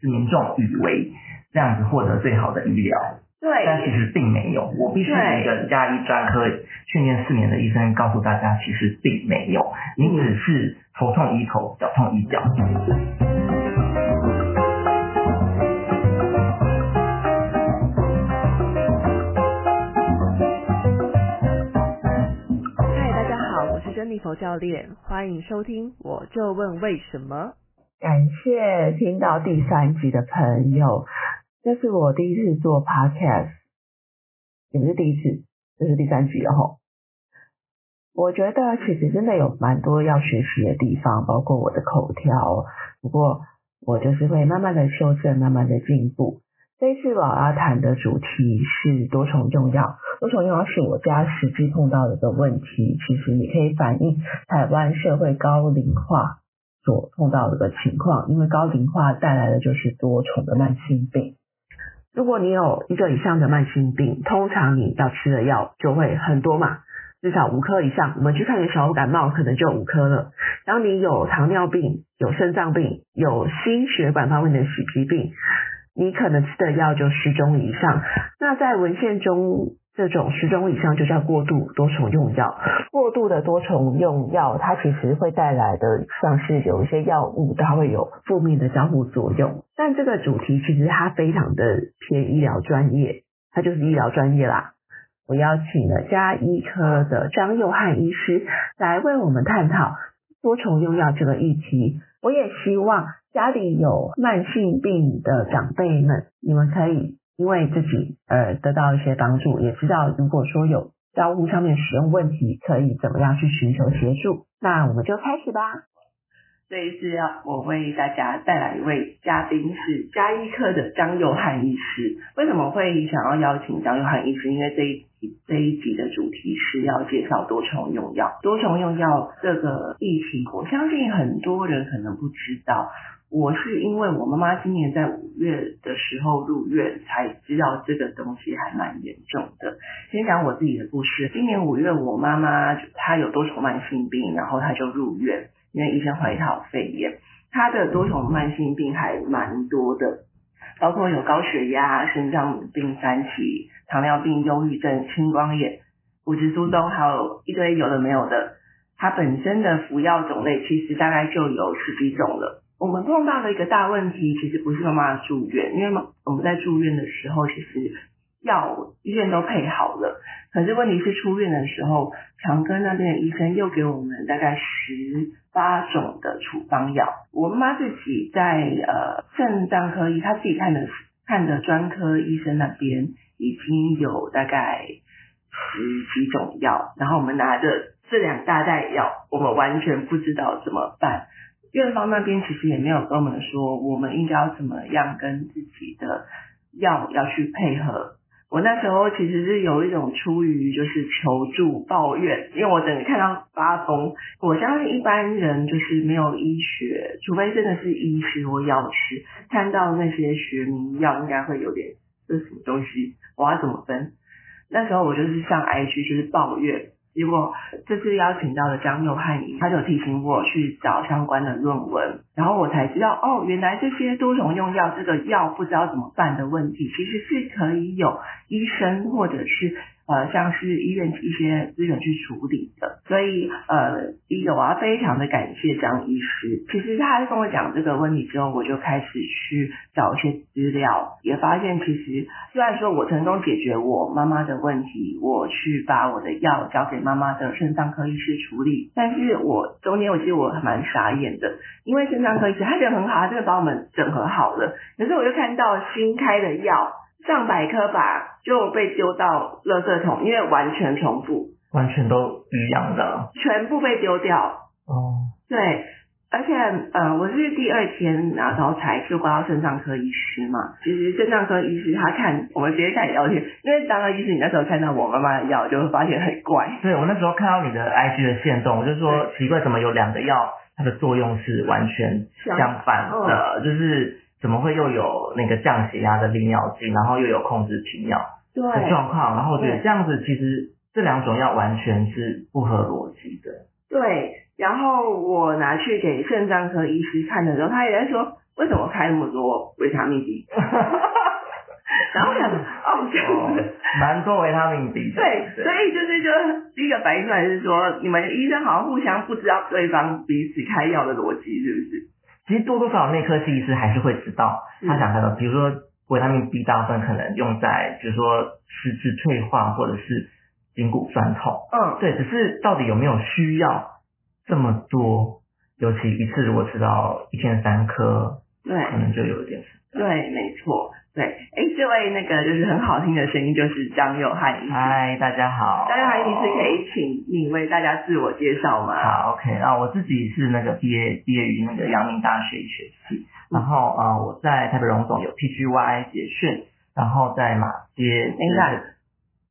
是民眾以為這樣子獲得最好的醫療，對，但其實並沒有。我必須是一個家醫專科訓練四年的醫生，告訴大家其實並沒有。你只是頭痛醫頭，腳痛醫腳。嗨、嗯，Hi, 大家好，我是珍妮佛教練，歡迎收聽《我就問為什麼》。感謝聽到第三集的朋友，這是我第一次做 podcast，也不是第一次，這是第三集哦。我覺得其實真的有蠻多要學習的地方，包括我的口條，不過我就是會慢慢的修正，慢慢的進步。這一次我要談的主題是多重用藥，多重用藥是我家實際碰到的一個問題，其實你可以反映台灣社會高齡化。所碰到的這個情況，因為高齡化帶來的就是多重的慢性病。如果你有一個以上的慢性病，通常你要吃的藥就會很多嘛，至少五顆以上。我們去看的時候，感冒可能就五顆了。當你有糖尿病、有腎臟病、有心血管方面的許多疾病，你可能吃的藥就十種以上。那在文獻中。這種十種以上就叫過度多重用藥。過度的多重用藥，它其實會帶來的像是有一些藥物，它會有負面的交互作用。但這個主題其實它非常的偏醫療專業，它就是醫療專業啦。我邀請了家醫科的張祐瀚醫師來為我們探討多重用藥這個議題。我也希望家裡有慢性病的長輩們，你們可以。因為自己呃得到一些幫助，也知道如果說有藥物上面使用問題，可以怎麼樣去尋求協助，那我們就開始吧。這一次要我為大家帶來一位嘉賓是家醫科的張祐瀚醫師。為什麼會想要邀請張祐瀚醫師？因為這一集這一集的主題是要介紹多重用藥。多重用藥這個議題，我相信很多人可能不知道。我是因為我媽媽今年在五月的時候入院，才知道這個東西還蠻嚴重的。先講我自己的故事，今年五月我媽媽她有多重慢性病，然後她就入院，因為醫生懷疑她有肺炎。她的多重慢性病還蠻多的，包括有高血壓、腎臟病三期、糖尿病、憂鬱症、青光眼、骨質疏鬆，還有一堆有的沒有的。她本身的服藥種類其實大概就有十幾種了。我們碰到的一個大問題，其實不是媽媽住院，因為媽我們在住院的時候，其實藥醫院都配好了，可是問題是出院的時候，強哥那邊的醫生又給我們大概十八種的處方藥。我媽自己在呃腎臟科醫，她自己看的看的專科醫生那邊已經有大概十幾種藥，然後我們拿着這兩大袋藥，我們完全不知道怎麼辦。院方那邊其實也沒有跟我們說，我們應該要怎麼樣跟自己的藥要去配合。我那時候其實是有一種出於就是求助、抱怨，因為我整個看到發瘋。我相信一般人就是沒有醫學，除非真的是醫師或藥師，看到那些學名藥應該會有點這什麼東西，我要怎麼分？那時候我就是上 IG，就是抱怨。結果這次邀請到了張祐瀚，他就提醒我去找相關的論文，然後我才知道，哦，原來這些多重用藥這個藥不知道怎麼辦的問題，其實是可以有醫生或者是。呃，像是醫院一些資源去處理的，所以呃，第一個我要非常的感謝張醫師。其實他跟我講這個問題之後，我就開始去找一些資料，也發現其實雖然說我成功解決我媽媽的問題，我去把我的藥交給媽媽的腎臟科醫師處理，但是我中間我記得我蠻傻眼的，因為腎臟科醫師他覺得很好，他真的把我們整合好了，可是我就看到新開的藥。上百顆吧，就被丟到垃圾桶，因為完全重複，完全都一樣的，全部被丟掉。哦，對，而且，呃，我是第二天然後才就掛到腎臟科醫師嘛。其實腎臟科醫師他看我們直接看藥去，因為當了醫師，你那時候看到我媽媽的藥就會發現很怪。對，我那時候看到你的 IG 的限動，我就說奇怪，怎麼有兩個藥，它的作用是完全相反的，哦、就是。怎麼會又有那個降血壓的利尿劑，然後又有控制頻尿的狀況？對，然後我覺得這樣子其實這兩種藥完全是不合邏輯的。對，然後我拿去給腎臟科醫師看的時候，他也在說，為什麼開那麼多維他命 D？然後想，哦，就 蠻多維他命 D 對，所以就是就第一個反應出來是說，你們醫生好像互相不知道對方彼此開藥的邏輯，是不是？其實多多少內科醫師還是會知道，嗯，他想說，比如說維他命 B，大部分可能用在就是說視質退化或者是筋骨酸痛。嗯，對，只是到底有沒有需要這麼多，尤其一次如果吃到一天三顆，對，可能就有一點對。對，沒錯。對，哎，這位那個就是很好聽的聲音，就是張祐瀚。嗨，大家好，張祐瀚醫師可以請你為大家自我介紹嗎？好、oh,，OK，啊、oh, mm -hmm. uh,，我自己是那個畢業畢業於那個陽明大學醫學系，然後啊我在台北榮總有 PGY 結、yeah. 訓、嗯，然後在馬街。你看，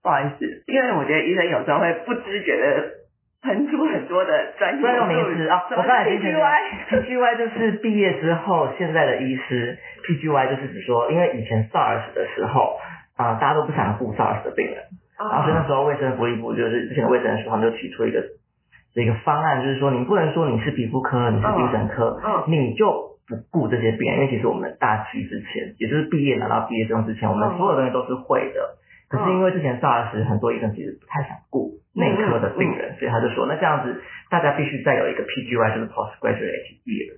不好意思，因為我覺得醫生有時候會不知覺的。很多很多的專業名詞啊，啊，我剛才聽 PGY，PGY 就是畢業之後現在的醫師，PGY 就是指說，因為以前 SARS 的時候啊、呃，大家都不想顧 SARS 的病人，啊、然後所以那時候衛生福利部就是之前的衛生署，他們就提出一個這個方案，就是說你不能說你是皮膚科，你是精神科、嗯嗯，你就不顧這些病人，因為其實我們大四之前，也就是畢業拿到畢業證之前，我們所有東西都是會的。嗯可是因為之前 SARS 時很多醫生其實不太想顧內科的病人、嗯嗯，所以他就說那這樣子大家必須再有一個 PGY 就是 Postgraduate Year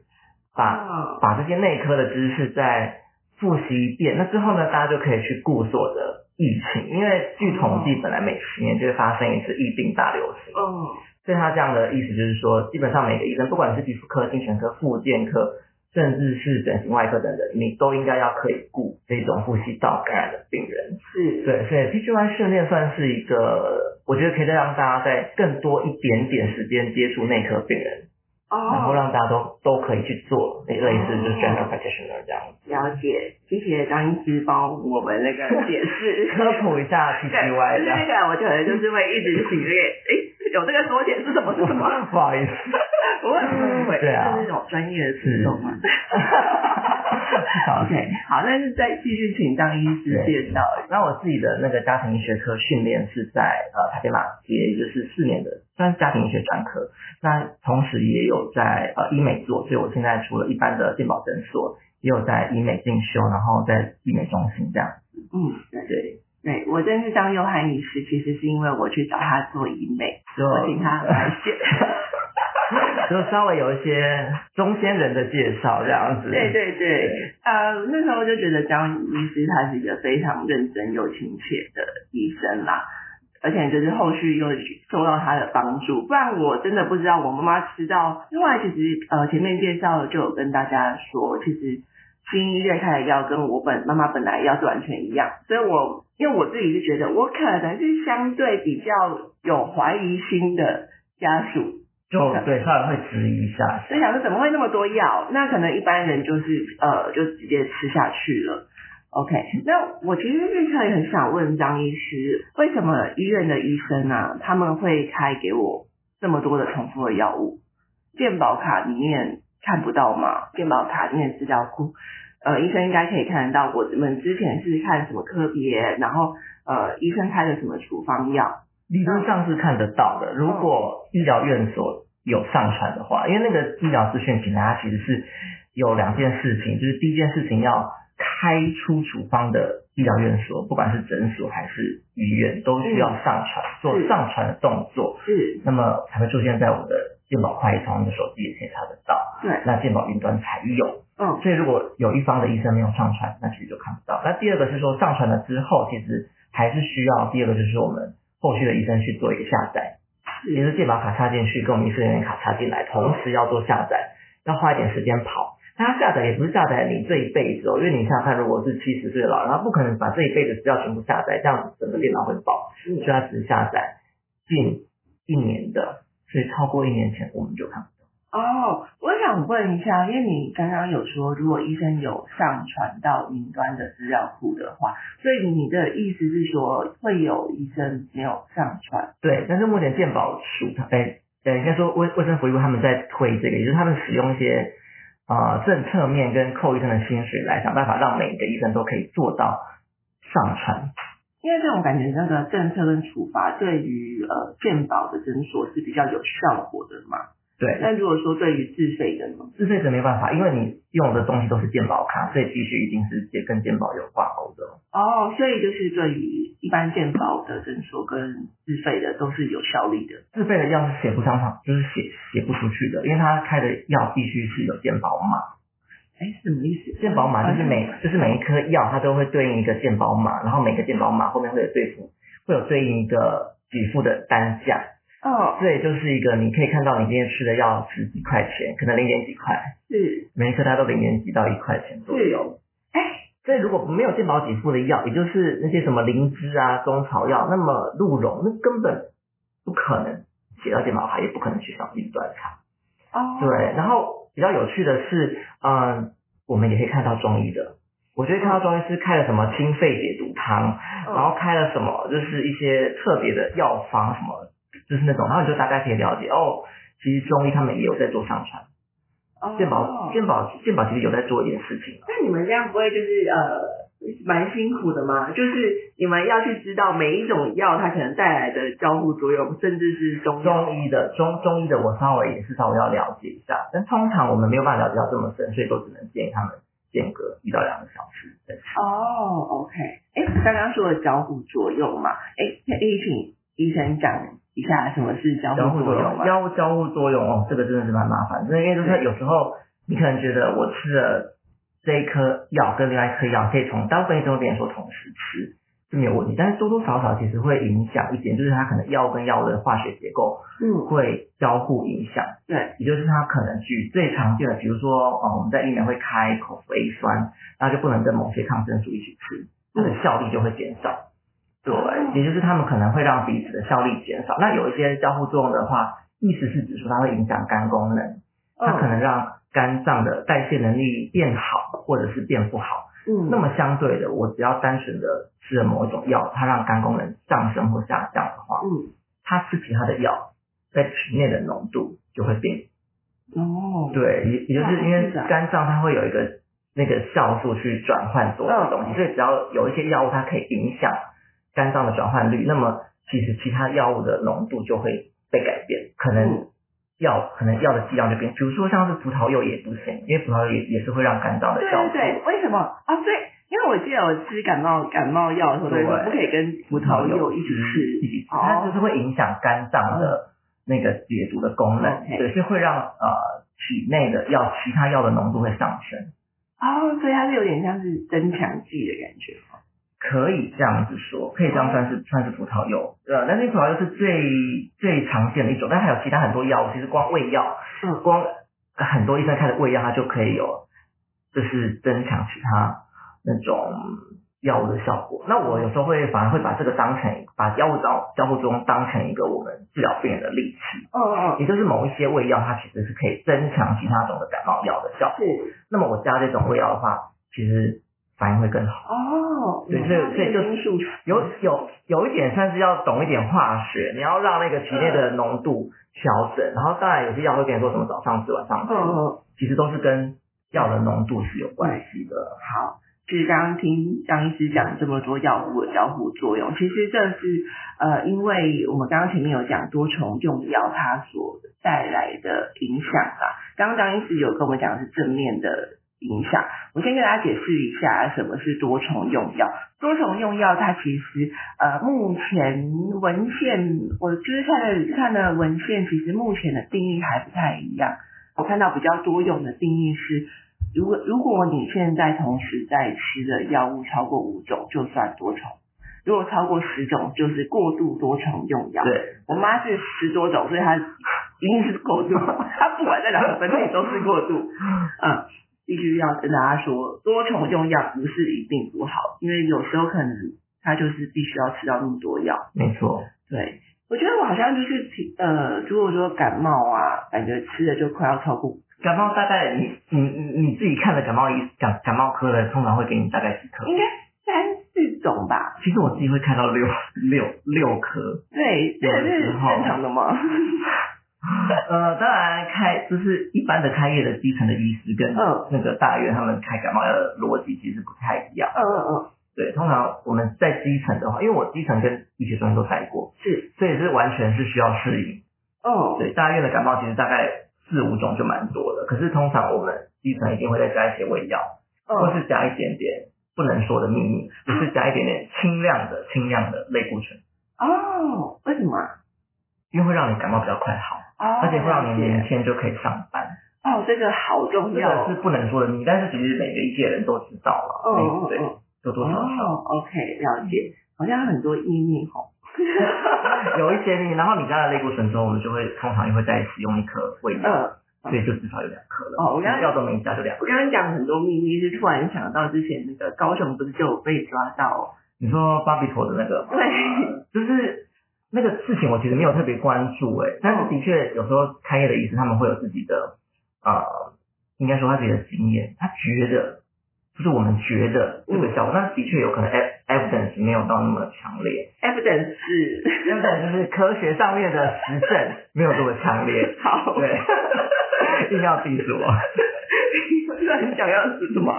把把這些內科的知識再複習一遍。那之後呢，大家就可以去顧所的疫情，因為據統計本來每十年就會發生一次疫病大流行。所以他這樣的意思就是說，基本上每個醫生，不管是皮膚科、精神科、復健科。甚至是整形外科等等，你都應該要可以顧這種呼吸道感染的病人。是，對，所以 PGY 訓練算是一個，我覺得可以再讓大家在更多一點點時間接觸內科病人。然、oh, 後讓大家都都可以去做類似就是 general practitioner 這樣子、哦。了解，謝謝張醫師幫我們那個解釋 科普一下 PGY。對，是那個我可能就是會一直洗例，哎， 有這個縮寫是什麼是什麼？什麼 不好意思，不 會、 嗯， 嗯、 對啊，那種專業的詞懂嗎？OK，好，但是再繼續請張醫師介紹。那我自己的那個家庭醫學科訓練是在呃台北馬偕也、嗯、就是四年的。但家庭醫學專科，那同時也有在呃醫美做，所以我現在除了一般的健保診所，也有在醫美進修，然後在醫美中心這樣子。嗯，對對，我認識張祐瀚醫師，其實是因為我去找他做醫美，就我請他來見， 就稍微有一些中間人的介紹這樣子。對對對，呃，uh, 那時候我就覺得張醫師他是一個非常認真又親切的醫生啦。而且就是後續又受到他的幫助，不然我真的不知道我媽媽吃到。另外，其實呃前面介紹就有跟大家說，其實新醫院開的藥跟我本媽媽本來藥是完全一樣，所以我因為我自己是覺得我可能是相對比較有懷疑心的家屬。就對，他會質疑一下。所以想說怎麼會那麼多藥？那可能一般人就是呃就直接吃下去了。OK，那我其實預測也很想問張醫師，為什麼醫院的醫生啊，他們會開給我這麼多的重複的藥物？健保卡裡面看不到嗎？健保卡裡面資料庫，呃，醫生應該可以看得到我。我們之前是看什麼科別，然後呃，醫生開的什麼處方藥，理論上是看得到的。如果醫療院所有上傳的話，因為那個醫療資訊平台啊，其實是有兩件事情，就是第一件事情要。開出處方的醫療院所，不管是診所還是醫院，都需要上傳、嗯、做上傳的動作，是、嗯，那麼才會出現在我們的健保卡一刷，你的手機也可以查得到。對，那健保雲端才有。嗯，所以如果有一方的醫生沒有上傳，那其實就看不到。那第二個是說，上傳了之後，其實還是需要第二個就是我們後續的醫生去做一個下載、嗯，也是健保卡插進去跟我們醫生人員卡插進來，同時要做下載，要花一點時間跑。他下載也不是下載你這一輩子哦，因為你下他如果是七十歲了老然後他不可能把這一輩子資料全部下載，這樣整個電腦會爆，所以他只下載近一年的，所以超過一年前我們就看不到。哦，我想問一下，因為你剛剛有說，如果醫生有上傳到雲端的資料庫的話，所以你的意思是說會有醫生沒有上傳？對，但是目前健保署他，哎，哎，應該說衛衛生福利部他們在推這個，也就是他們使用一些。啊，政策面跟扣醫生的薪水來想辦法，讓每一個醫生都可以做到上傳。因為這種感覺，那個政策跟處罰對於呃健保的診所是比較有效果的嘛。對，那如果說對於自費的呢？自費的沒辦法，因為你用的東西都是健保卡，所以必須一定是跟健保有掛鈎的。哦，所以就是對於一般健保的診所跟自費的都是有效力的。自費的藥是寫不上場，就是寫寫不出去的，因為他開的藥必須是有健保碼。哎、欸，什麼意思？健保碼就是每、哎、就是每一顆藥，它都會對應一個健保碼，然後每個健保碼後面會有對付，會有對應一個給付的單價。哦、oh.，對，就是一個你可以看到你今天吃的藥十幾塊錢，可能零點幾塊，是，每一顆它都零點幾到一塊錢左右。是哎，所以如果沒有健保給付的藥，也就是那些什麼靈芝啊、中草藥，那麼鹿茸那根本不可能寫到健保卡，也不可能去上雲端卡。哦、oh.，對，然後比較有趣的是，嗯、呃，我們也可以看到中醫的，我覺得看到中醫師開了什麼清肺解毒湯，oh. 然後開了什麼，就是一些特別的藥方什麼。就是那種，然後你就大概可以了解哦。其實中醫他們也有在做上傳。哦，健保健保健保其實有在做一件事情。那你們這樣不會就是呃蠻辛苦的嗎？就是你們要去知道每一種藥它可能帶來的交互作用，甚至是中醫中醫的中中醫的我稍微也是稍微要了解一下，但通常我們沒有辦法了解到這麼深，所以都只能建議他們間隔一到兩個小時。對哦，OK。哎、欸，剛剛說的交互作用嘛，哎、欸，那請醫生講。一下什麼是交互作用？藥交互作用，互作用哦，這個真的是蠻麻煩。所以，因為就是有時候你可能覺得我吃了這一顆藥跟另外一顆藥可以從單部分醫生會說同時吃是沒有問題。但是多多少少其實會影響一點，就是它可能藥跟藥的化學結構嗯會交互影響。對、嗯，也就是它可能舉最常見的，比如說哦，我們在醫院會開口服 A 酸，那就不能跟某些抗生素一起吃，那個效率就會減少。對，也就是他們可能會讓彼此的效力減少。那有一些交互作用的話，意思是指說它會影響肝功能，它可能讓肝臟的代謝能力變好或者是變不好。嗯，那麼相對的，我只要單純的吃了某一種藥，它讓肝功能上升或下降的話，嗯，它吃其他的藥，在體內的濃度就會變。哦、嗯，對，也也就是因為肝臟它會有一個那個酵素去轉換所有的東西、嗯，所以只要有一些藥物它可以影響。肝臟的轉換率，那麼其實其他藥物的濃度就會被改變，嗯、可能藥可能藥的劑量就變。比如說像是葡萄柚也不行，因為葡萄柚也是會讓肝臟的效果。消。對對，為什麼啊？對，因為我記得我吃感冒感冒藥的時候，對所以不可以跟葡萄柚一起吃，嗯嗯、一起吃，哦，它就是會影響肝臟的那個解毒的功能，嗯 okay、對，是會讓呃體內的藥其他藥的濃度會上升。哦，所以它是有點像是增強劑的感覺。可以這樣子說，可以這樣算是、哦、算是葡萄柚，呃，那但是葡萄柚是最最常見的一種，但還有其他很多藥物，其實光胃藥，是、嗯、光很多醫生開的胃藥，它就可以有，就是增強其他那種藥物的效果。那我有時候會反而會把這個當成把藥物當藥物中當成一個我們治療病人的利器，哦哦，也就是某一些胃藥，它其實是可以增強其他種的感冒藥的效果、嗯。那麼我加這種胃藥的話，其實。反應會更好哦，對，是、哦，對，就有有有一點算是要懂一點化學，嗯、你要讓那個體內的濃度調整，然後當然有些藥會給你說什麼早上吃、晚上吃，哦、其實都是跟藥的濃度是有關係的、嗯。好，其實剛剛聽張醫師講這麼多藥物的交互作用，其實這是呃，因為我們剛剛前面有講多重用藥它所帶來的影響吧，剛剛張醫師有跟我們講是正面的。影響。我先跟大家解釋一下什麼是多重用藥。多重用藥，它其實呃，目前文獻我就是看的看的文獻，其實目前的定義還不太一樣。我看到比較多用的定義是，如果如果你現在同時在吃的藥物超過五種，就算多重；如果超過十種，就是過度多重用藥。對，我媽是十多種，所以她一定是過度。她不管在哪個分類都是過度。嗯。必須要跟大家說，多重用藥不是一定不好，因為有時候可能他就是必須要吃到那麼多藥。沒錯。對，我覺得我好像就是呃，如果說感冒啊，感覺吃的就快要超過。感冒大概你你你你自己看了感冒醫，感感冒科的通常會給你大概幾顆？應該三四種吧。其實我自己會看到六六六顆。對，有時候正常的嗎？ 呃、嗯，當然開就是一般的開業的基層的醫師跟那個大院他們開感冒藥的邏輯其實不太一樣。嗯嗯嗯、嗯。對，通常我們在基層的話，因為我基層跟醫學中心都待過，是，所以是完全是需要適應。哦、嗯。對，大院的感冒其實大概四五種就蠻多的，可是通常我們基層一定會再加一些胃藥、嗯嗯，或是加一點點不能說的秘密，就是加一點點輕量的輕量的類固醇、嗯。哦，為什麼？因為會讓你感冒比較快好。而且會要年，年天就可以上班。哦，這個好重要。這個、是不能說的秘密，但是其實每個業界人都知道了。嗯、哦欸，對，有、哦、多少、少？哦，OK，了解。好像很多秘密哦。 有一些秘密，然後你加了肋骨神經，我們就會通常也會再使用一顆尾骨。所以就至少有兩顆了。哦，我剛剛。藥就兩。我剛剛講很多秘密，是突然想到之前那個高雄不是就有被抓到？你說巴比妥的那個？對。嗯、就是。那個事情我其實沒有特別關注哎，但是的確有時候開業的醫師他們會有自己的呃，應該說他自己的經驗。他覺得就是我們覺得這個效果，但、嗯、的確有可能 evidence 沒有到那麼強烈。evidence evidence 就是科學上面的實證沒有那麼強烈。好 對，一定要逼死我。是想要吃什麼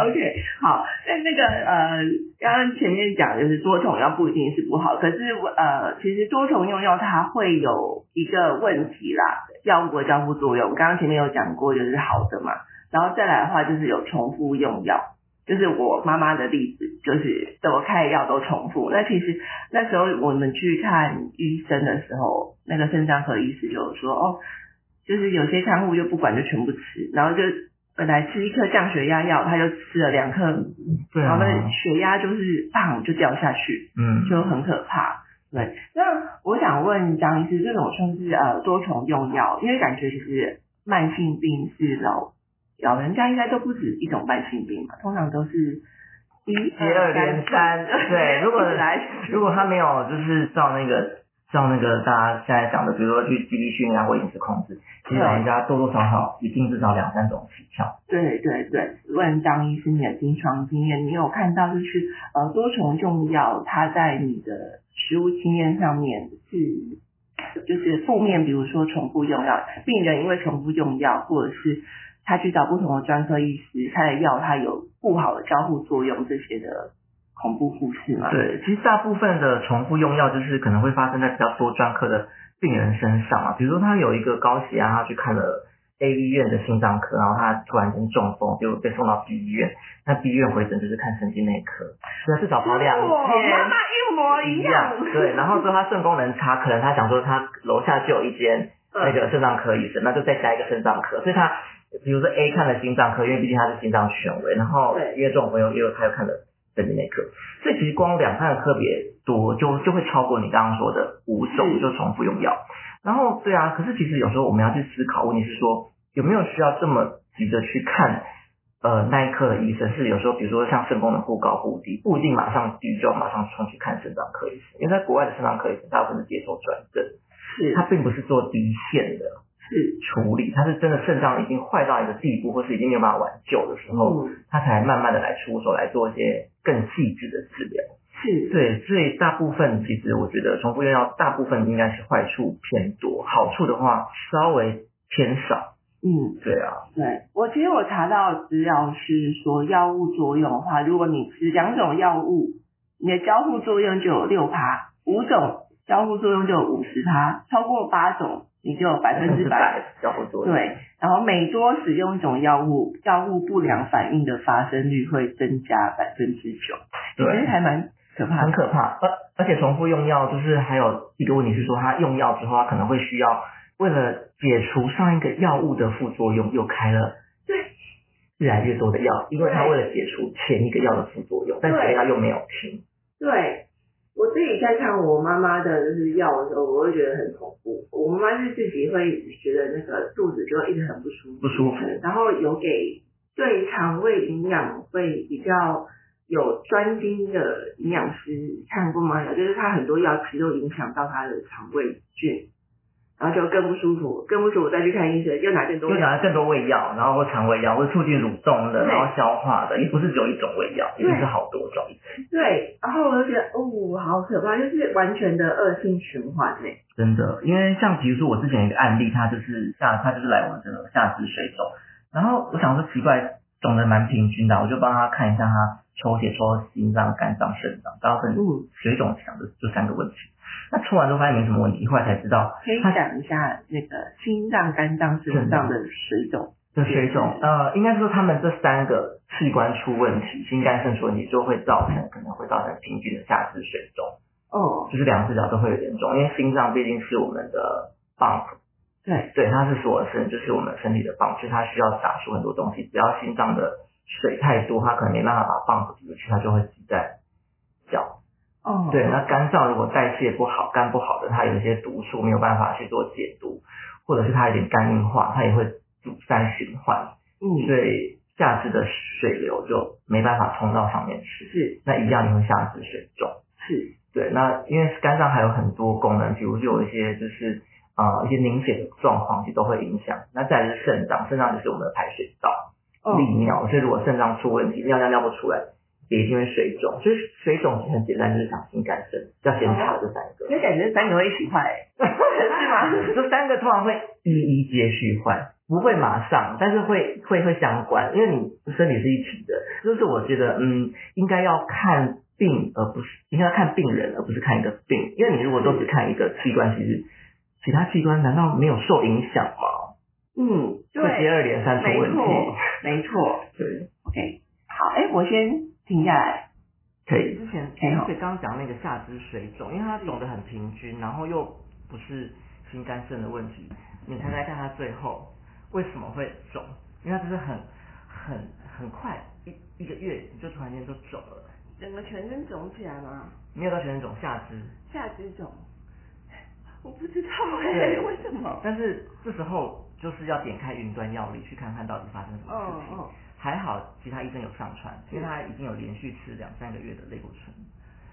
OK 好。那那個呃，剛剛前面講就是多重藥不一定是不好，可是呃，其實多重用藥它會有一個問題啦，藥物的交互作用。我剛剛前面有講過就是好的嘛，然後再來的話就是有重複用藥。就是我媽媽的例子，就是怎麼開藥都重複。那其實那時候我們去看醫生的時候，那個腎臟科醫師就說哦。就是有些看護就不管，就全部吃，然後就本來吃一顆降血壓藥，他就吃了兩顆，對啊，然後呢血壓就是砰就掉下去，嗯，就很可怕。對，那我想問張醫師，這種算是呃多重用藥，因為感覺其實慢性病是老老人家應該都不止一種慢性病嘛，通常都是一二三，接二連三對。對，如果來 如果他沒有就是照那個。像那個大家現在講的，比如說去記憶訓練或飲食控制，其實老人家多多少少一定至少兩三種起跳。對對對，問張醫生，你的臨床經驗，你有看到就是呃多重、重用藥，他在你的食物經驗上面是，就是負面，比如說重複用藥，病人因為重複用藥，或者是他去找不同的專科醫師，他的藥他有不好的交互作用這些的。重複復診啊？對，其實大部分的重複用藥就是可能會發生在比較多專科的病人身上啊。比如說他有一個高血壓，啊，他去看了 A 醫院的心臟科，然後他突然間中風就被送到 B 醫院，那 B 醫院回診就是看神經內科，那是找跑兩。哇，他媽一模一樣。 對，然後說他腎功能差，可能他想說他樓下就有一間那個腎臟科醫生，那就再加一個腎臟科。所以他比如說 A 看了心臟科，因為畢竟他是心臟權威，然後因為這種朋友又他又看了。內分泌科，所以其實光兩三個特別多，就就會超過你剛剛說的五種就重複用藥。然後，對啊，可是其實有時候我們要去思考，問題是說有沒有需要這麼急着去看呃內科的醫生？是有時候，比如說像腎功能忽高忽低，不一定馬上低就要馬上衝去看腎臟科醫生，因為在國外的腎臟科醫生大部分是接受轉診，是，他並不是做第一線的。是，處理，他是真的腎臟已經壞到一個地步，或是已經沒有辦法挽救的時候，他、嗯、才慢慢的來出手來做一些更細緻的治療。是，對，所以大部分其實我覺得重複用藥，大部分應該是壞處偏多，好處的話稍微偏少。嗯，對啊。對，我其實我查到資料是說，藥物作用的話，如果你吃兩種藥物，你的交互作用就有六趴，五種交互作用就有五十趴，超過八種。你就有百分之百藥物交互作用。對，然後每多使用一種藥物，藥物不良反應的發生率會增加百分之九，其實還蠻可怕，很可怕。而而且重複用藥就是還有一個問題是說，他用藥之後，他可能會需要為了解除上一個藥物的副作用，又開了，對，越來越多的藥，因為他為了解除前一個藥的副作用，但是他又沒有停，對。對我自己在看我媽媽的，就是藥的時候，我會覺得很恐怖。我媽媽是自己會覺得那個肚子就一直很不舒服。不舒服。嗯，然後有給對腸胃營養會比較有專精的營養師看過嗎？就是她很多藥其實都影響到她的腸胃菌。然後就更不舒服，更不舒服再去看醫生，又拿更多，又拿更多胃藥，然後胃或腸胃藥，會促進蠕動的，然後消化的。也不是只有一種胃藥，也不是好多種對。對，然後我就覺得，哦，好可怕,就是完全的惡性循環呢。真的，因為像比如說我之前一個案例，他就是下，他就是來我們這種下肢水腫，然後我想說奇怪，腫的蠻平均的，我就幫他看一下他抽血，抽心臟、肝臟、腎臟，然後跟水腫強的就三個問題。嗯那抽完都發現沒什麼問題，一會兒才知道。可以講一下那個心臟、肝臟、腎臟的水腫。的水腫，呃，應該說他們這三個器官出問題，心肝腎說你就會造成，可能會造成平均的下肢水腫。哦。就是兩隻腳都會有點腫，因為心臟畢竟是我們的泵。對。對，它是說身，就是我們身體的泵，就是它需要打出很多東西。只要心臟的水太多，它可能沒辦法把泵擠出去，它就會擠在腳。哦，對，那肝臟如果代謝不好，肝不好的，它有一些毒素沒有辦法去做解毒，或者是它有一點肝硬化，它也會阻塞循環，嗯，所以下肢的水流就沒辦法衝到上面去，是，那一樣也會下肢水腫。是，對，那因為肝臟還有很多功能，比如就有一些就是啊、呃、一些凝血的狀況，其實都會影響。那再就是腎臟，腎臟就是我們的排水道，哦，利尿，所以如果腎臟出問題，尿尿尿不出來。也因為水腫，所以水腫也很簡單，就是小心肝腎。要檢查這三個，你、哦、感覺三個會一起壞、欸， 是嗎？這三個通常會一一接續壞，不會馬上，但是會會會相關，因為你身體是一體的。就是我覺得，嗯，應該要看病，而不是應該要看病人，而不是看一個病。因為你如果都只看一個器官，其實其他器官難道沒有受影響嗎？嗯，就接二連三出問題，沒錯，對。OK，好，哎、欸，我先。停下來，可以。之前，而、哎、且剛剛講那個下肢水腫，因為它腫得很平均，然後又不是心肝腎的問題，你猜猜看它最後為什麼會腫？因為它就是很很很快一一個月就突然間就腫了。整個全身腫起來嗎？沒有到全身腫，下肢。下肢腫，我不知道哎，為什麼、哎？但是這時候就是要點開雲端藥歷去看看到底發生什麼事情。哦哦。還好，其他醫生有上傳，因為他已經有連續吃兩三個月的類固醇、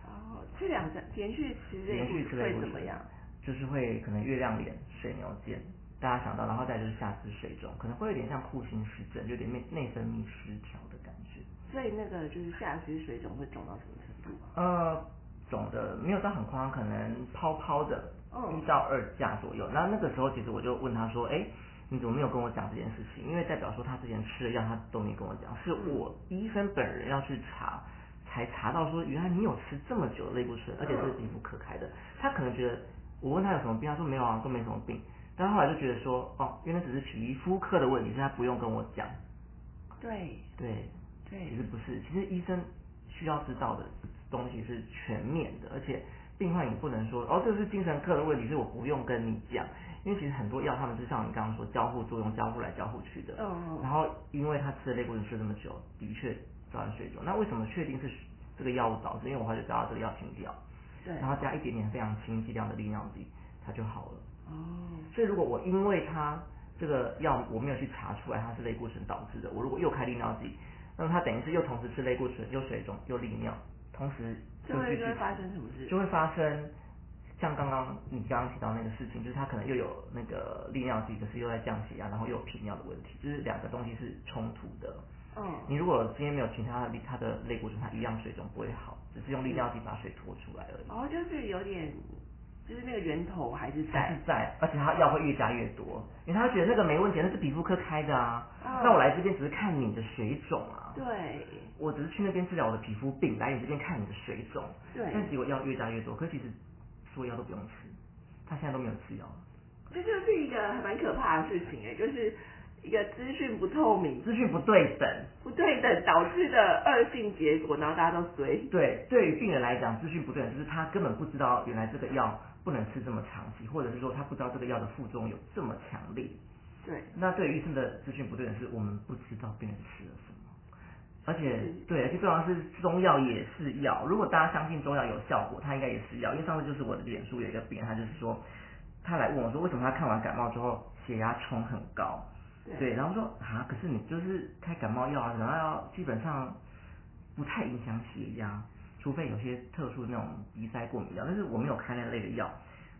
嗯。哦，這兩三連、連續吃類固醇吃會怎麼樣、啊？就是會可能月亮臉、水牛肩，大家想到，然後再就是下肢水腫，可能會有點像庫欣氏症，就有點內內分泌失調的感覺。所以那個就是下肢水腫會腫到什麼程度？呃，腫的沒有到很誇張，可能泡泡的，一、哦、到二加左右。那那個時候其實我就問他說，哎。你怎麼沒有跟我講這件事情？因為代表說他之前吃的藥，他都沒跟我講，是我醫生本人要去查，才查到說原來你有吃這麼久的類固醇，而且是皮膚科開的。他可能覺得我問他有什麼病，他說沒有啊，都沒什麼病。但後來就覺得說，哦，原來只是皮膚科的問題，是他不用跟我講。對對對，其實不是，其實醫生需要知道的東西是全面的，而且病患也不能說哦，這是精神科的問題，是我不用跟你講。因為其實很多藥，它們就像你剛剛說，交互作用、交互來交互去的。Oh. 然後，因為它吃的類固醇吃這麼久，的確造成水腫。那為什麼確定是這個藥物導致？因為我後來找到這個藥停掉。對。然後加一點點非常輕劑量的利尿劑，它就好了。哦、oh.。所以如果我因為它這個藥我沒有去查出來它是類固醇導致的，我如果又開利尿劑，那麼它等於是又同時吃類固醇、又水腫、又利尿，同時就，去就會發生什麼事？就會發生。像剛剛你剛剛提到那個事情，就是他可能又有那個利尿劑，可是又在降血壓，然後又有頻尿的問題，就是兩個東西是衝突的。嗯，你如果今天沒有其他，他的，他的肋骨腫，就是、他一樣水腫不會好，只是用利尿劑把水拖出來而已、嗯。哦，就是有點，就是那個源頭還是在。在，而且他藥會越加越多，因為他覺得那個沒問題，那是皮膚科開的啊。啊、哦。那我來這邊只是看你的水腫啊。對。我只是去那邊治療我的皮膚病，來你這邊看你的水腫。對。但結果藥越加越多，可其實。說藥都不用吃，他現在都沒有吃藥，這就是一個還蠻可怕的事情誒，就是一個資訊不透明，資訊不對等，不對等導致的惡性結果，然後大家都隨。對，對於病人來講，資訊不對等就是他根本不知道原來這個藥不能吃這麼長期，或者是說他不知道這個藥的副作用有這麼強烈。對。那對醫生的資訊不對等，是我們不知道病人吃了。而且，對，而且最重要是中藥也是藥。如果大家相信中藥有效果，它應該也是藥。因為上次就是我的臉書有一個病人，他就是說，他來問我說，為什麼他看完感冒之後血壓衝很高？對。然後說啊，可是你就是開感冒藥啊，感冒藥基本上不太影響血壓，除非有些特殊那種鼻塞過敏藥。但是我沒有開那類的藥，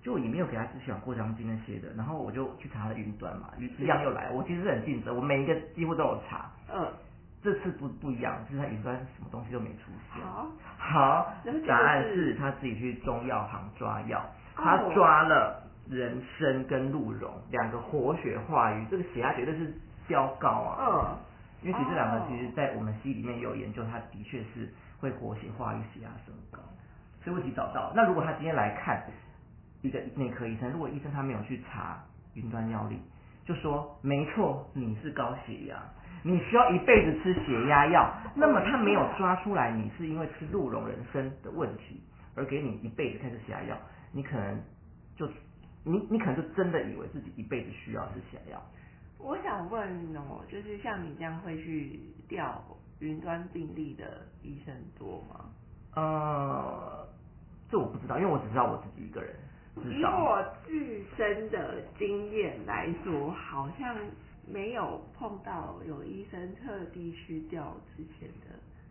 就我也沒有給他吃像過張精那些的。然後我就去查他的雲端嘛，一樣又來。我其實很盡責，我每一個幾乎都有查。嗯。這次不不一樣，就是他雲端什麼東西都沒出現。好、啊，好，答案是他自己去中藥行抓藥，他抓了人參跟鹿茸兩個活血化瘀、嗯，這個血壓絕對是飆高啊。嗯，嗯，因為其實兩個其實在我們西醫裡面有研究，他的確是會活血化瘀，血壓升高，所以問題找到、嗯。那如果他今天來看一個內科醫生，如果醫生他沒有去查雲端藥理，就說沒錯，你是高血壓。你需要一輩子吃血壓藥，嗯，那麼他沒有抓出來，你是因為吃鹿茸人參的問題而給你一輩子開始血壓藥，你可能就你你可能就真的以為自己一輩子需要吃血壓藥。我想問哦，就是像你這樣會去調雲端病歷的醫生多嗎？呃，這我不知道，因為我只知道我自己一個人。以我自身的經驗來說，好像。沒有碰到有醫生特地去掉之前的，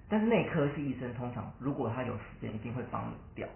但是內科系醫生通常如果他有時間一定會幫你掉。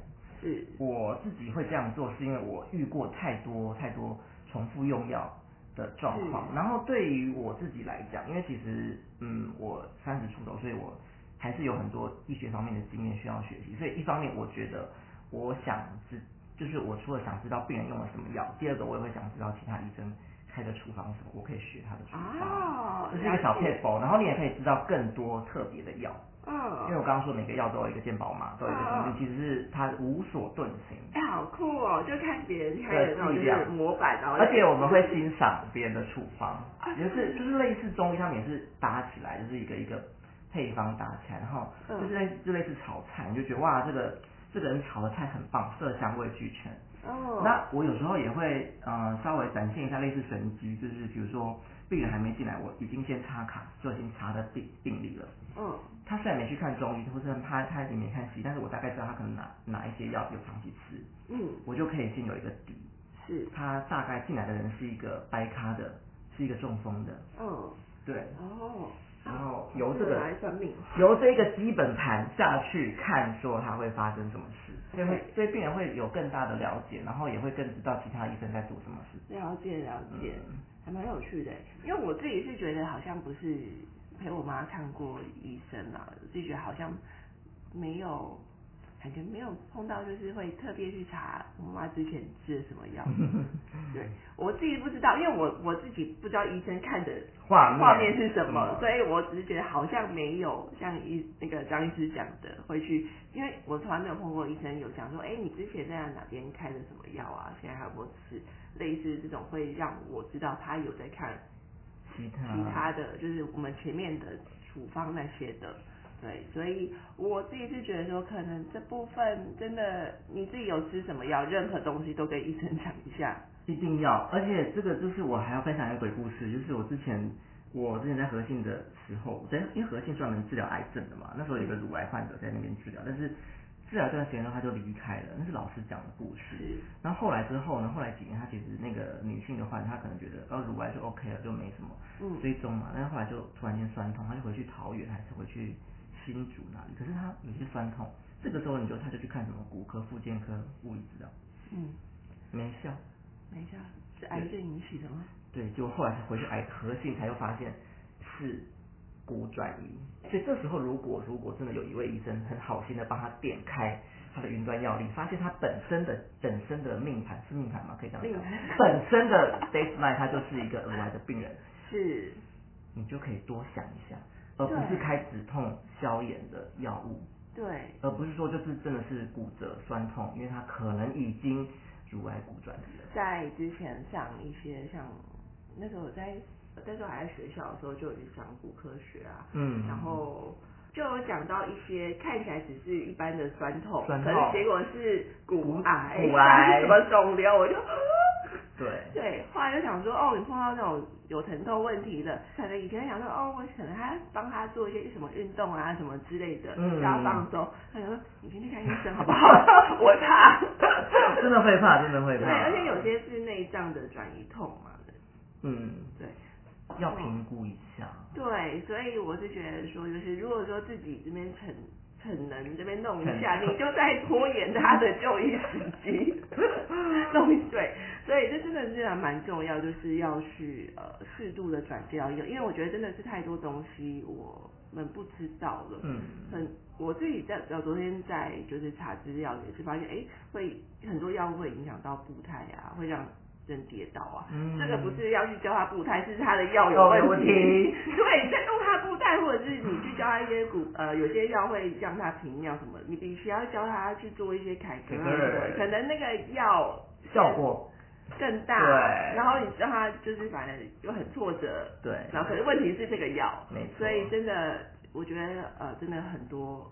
是，我自己會這樣做是因為我遇過太多太多重複用藥的狀況。然後對於我自己來講，因為其實嗯我三十出頭，所以我還是有很多醫學方面的經驗需要學習。所以一方面我覺得我想知，就是我除了想知道病人用了什麼藥，第二個我也會想知道其他醫生。開的處方什麼，我可以學他的處方。哦、oh,，這是一個小配薄，然後你也可以知道更多特別的藥。哦、oh.。因為我剛剛說每個藥都有一個健保碼，都有一個東西，oh. 其實是它無所遁形、oh.。好酷哦，就看別人開的劑量模板的。而且我們會欣賞別人的處方、就是，就是就是類似中醫上面是搭起來，就是一個一個配方搭起來，然後就是類似就類似炒菜，你就覺得哇，這個這個人炒的菜很棒，色香味俱全。Oh, 那我有時候也會呃稍微展現一下類似神機，就是比如說病人還沒進來，我已經先插卡，就已經查的病病歷了嗯，他雖然沒去看中醫，或者他他也沒看西，但是我大概知道他可能哪哪一些藥有長期吃。嗯，我就可以進有一個底。是。他大概進來的人是一個掰咖的，是一個中風的。嗯，對。哦。然後由這個來算命由這個基本盤下去看，說他會發生什麼事。Okay. 所以會，病人會有更大的了解，然後也會更知道其他醫生在做什麼事情，了解了解，嗯、還蠻有趣的。因為我自己是覺得好像不是陪我媽看過醫生啊，自己覺得好像沒有。感覺沒有碰到，就是會特別去查我媽之前吃的什麼藥。對 我自己不知道，因為我我自己不知道醫生看的畫面是什麼， 所以我只是覺得好像沒有像醫那個張醫師講的，會去。因為我從來沒有碰過醫生有講說，哎、欸，你之前在哪邊開的什麼藥啊？現在還有吃？類似這種會讓我知道他有在看其他、其他的就是我們前面的處方那些的。對，所以我自己是覺得說，可能這部分真的你自己有吃什麼藥，任何東西都跟醫生講一下。一定要，而且這個就是我還要分享一個鬼故事，就是我之前我之前在和信的時候，在因為和信專門治療癌症的嘛，那時候有一個乳癌患者，在那邊治療，但是治療這段時間呢，他就離開了，那是老師講的故事。那後，後來之後呢，後來幾年他其實那個女性的患者，她可能覺得到乳癌就 OK 了，就沒什麼追蹤嘛，嗯，但是後來就突然間酸痛，他就回去桃園還是回去。心主哪裡？可是他有些酸痛，這個時候你就他就去看什麼骨科、復健科、物理治療。嗯，沒事。沒效，是癌症引起的嗎？對，對，就後來回去癌核心，他又發現是骨轉移。所以這時候，如果如果真的有一位醫生很好心的幫他點開他的雲端藥歷，發現他本身的本身的命盤是命盤嗎？可以這樣講，命、那個、本身的 date i g e，他就是一個額外的病人。是，你就可以多想一下。而不是開止痛消炎的藥物，對，而不是說就是真的是骨折酸痛，因為它可能已經乳癌骨轉移了。在之前上一些像那時候我在那時候還在學校的時候就已經上骨科學啊，嗯，然後。就有講到一些看起來只是一般的酸痛、酸痛可是結果是骨癌，骨、骨癌？ 什麼腫瘤，我就，對對，後來就想說，哦，你碰到那種有疼痛問題的，可能以前想說，哦，我可能他幫他做一些什麼運動啊，什麼之類的，嗯，比較放鬆，他說，你先去看醫生好不好？ 我怕， 真的會怕，真的會怕，對，而且有些是內臟的轉移痛嘛。嗯，對。要評估一下。對，所以我是覺得說，就是如果說自己這邊逞逞能，這邊弄一下，嗯，你就在拖延他的就醫時機。弄對，所以這真的是還蠻重要，就是要去呃適度的轉調用。因為我覺得真的是太多東西我們不知道了。嗯。很，我自己在，我昨天在就是查資料也是發現，哎、欸，會很多藥物會影響到步態啊，會讓。真跌倒啊、嗯！這個不是要去教他步態，是他的藥有問題。有問題 對，再用他步態，或者是你去教他一些 呃，有些藥會讓他頻尿什麼，你必須要教他去做一些凱格爾。可能那個藥效果更大。對，然後你知道他就是反正又很挫折。對，然後可是問題是這個藥，所以真的我覺得呃，真的很多。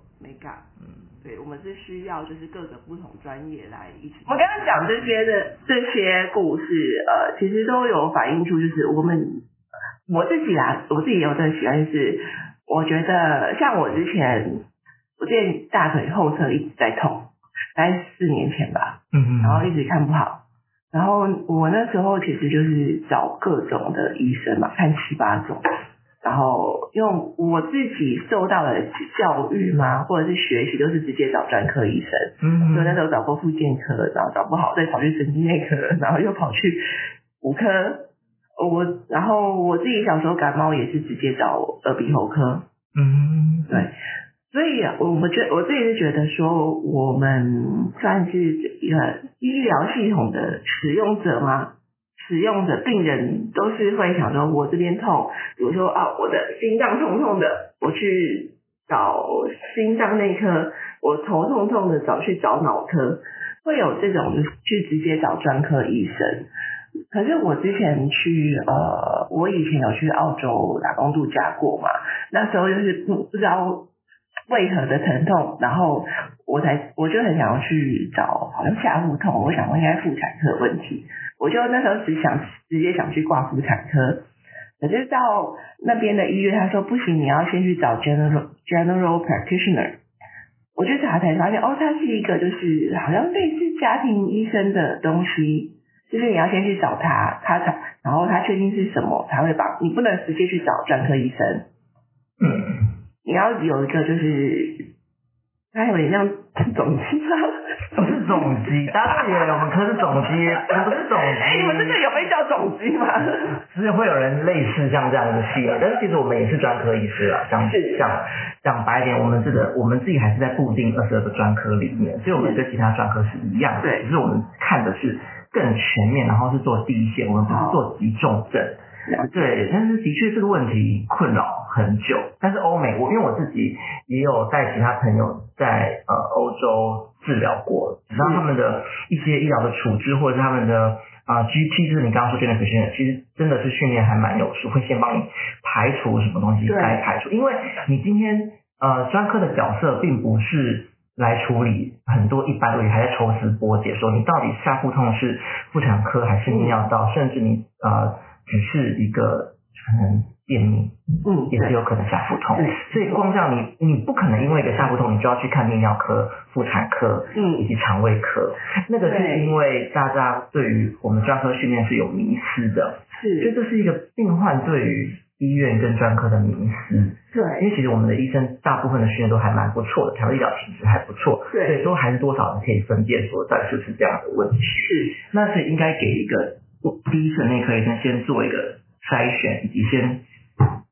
嗯，對，我們是需要就是各個不同專業來一起。我剛剛講這些的這些故事，呃，其實都有反映出就是我們我自己啊，我自己有的習慣是，我覺得像我之前，我之前大腿後側一直在痛，大概四年前吧，嗯嗯，然後一直看不好，然後我那時候其實就是找各種的醫生嘛，看七八種。然後，因為我自己受到的教育嘛，或者是學習，都是直接找專科醫生。嗯，所以那時候找過婦產科，然後找不好，再跑去神經內科，然後又跑去骨科。我，然後我自己小時候感冒也是直接找耳鼻喉科。嗯，對。所以啊，我我覺我自己就覺得說，我們算是一個醫療系統的使用者嘛。使用的病人都是會想說，我這邊痛，比如說啊，我的心臟痛痛的，我去找心臟內科；我頭痛痛的，找去找腦科，會有這種去直接找專科醫生。可是我之前去呃，我以前有去澳洲打工度假過嘛，那時候就是不不知道。胃和的疼痛，然後我才我就很想要去找，好像下腹痛，我想問一下婦產科問題，我就那時候只想直接想去掛婦產科，可是到那邊的醫院，他說不行，你要先去找 General General Practitioner。我就查才發現，哦，他是一個就是好像類似家庭醫生的東西，就是你要先去找他，他才然後他確定是什麼才會把，你不能直接去找專科醫生。嗯。你要有一個就是，他有點像總機。不是總機，大家都以為我們科是總機，們 不是總機。我、欸、你們這個有被叫總機嗎？只是會有人類似像這樣的戲，但是其實我們也是專科醫師啦。講講講白一點，我們這個我們自己還是在固定二十二個專科裡面，所以我們跟其他專科是一樣的，只是我們看的是更全面，然後是做第一線，我們不是做急重症。哦、對，但是的確這個問題困擾。很久，但是歐美，我因為我自己也有帶其他朋友在呃歐洲治療過，然後他們的一些醫療的處置或者是他們的啊、呃、GP，就是你剛剛說訓練培訓，其實真的是訓練還蠻有數，會先幫你排除什麼東西再排除，因為你今天呃專科的角色並不是來處理很多一般問題，還在抽絲剝繭，說你到底下腹痛是婦產科還是泌尿道、嗯，甚至你啊、呃、只是一個。可、嗯、能便秘，嗯，也是有可能下腹痛，嗯，所以光這樣，你你不可能因為一個下腹痛，你就要去看泌尿科、婦產科、嗯，以及腸胃科、嗯。那個是因為大家對於我們專科訓練是有迷思的，是，所以這是一個病患對於醫院跟專科的迷思，對，因為其實我們的醫生大部分的訓練都還蠻不錯的，調醫療品質還不錯，對，所以都還是多少人可以分辨說到底是不是這樣的問題，是，那是應該給一個我第一次內科醫生先做一個。篩選以及先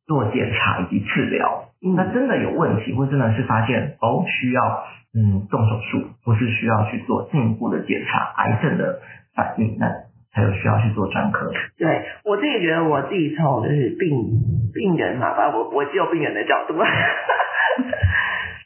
做檢查以及治療，那真的有問題，或真的是發現哦，需要嗯動手術，或是需要去做進一步的檢查，癌症的反應，那才有需要去做專科。對我自己覺得，我自己從就是病病人嘛，反正我我只有病人的角度。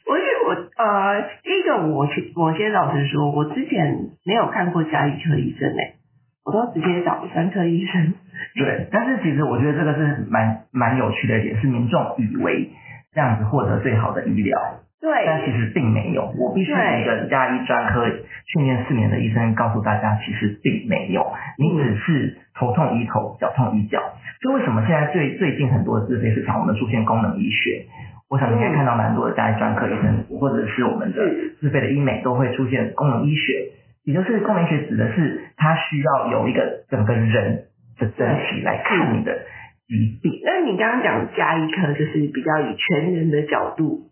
我是我呃，第一個我先我先老實說，我之前沒有看過家醫科醫生哎、欸。我都直接找專科醫生。對，但是其實我覺得這個是蠻蠻有趣的一點，是民眾以為這樣子獲得最好的醫療，對，但其實並沒有。我必須是一個家醫專科訓練四年的醫生，告訴大家其實並沒有，你只是頭痛醫頭，腳、嗯、痛醫腳。就為什麼現在最最近很多自費市場，我們出現功能醫學？我想你可以看到蠻多的家醫專科醫生、嗯，或者是我們的自費的醫美、嗯，都會出現功能醫學。也就是，共能學指的是它需要有一個整個人的整體來看你的疾病。那你剛剛講家醫科，就是比較以全人的角度，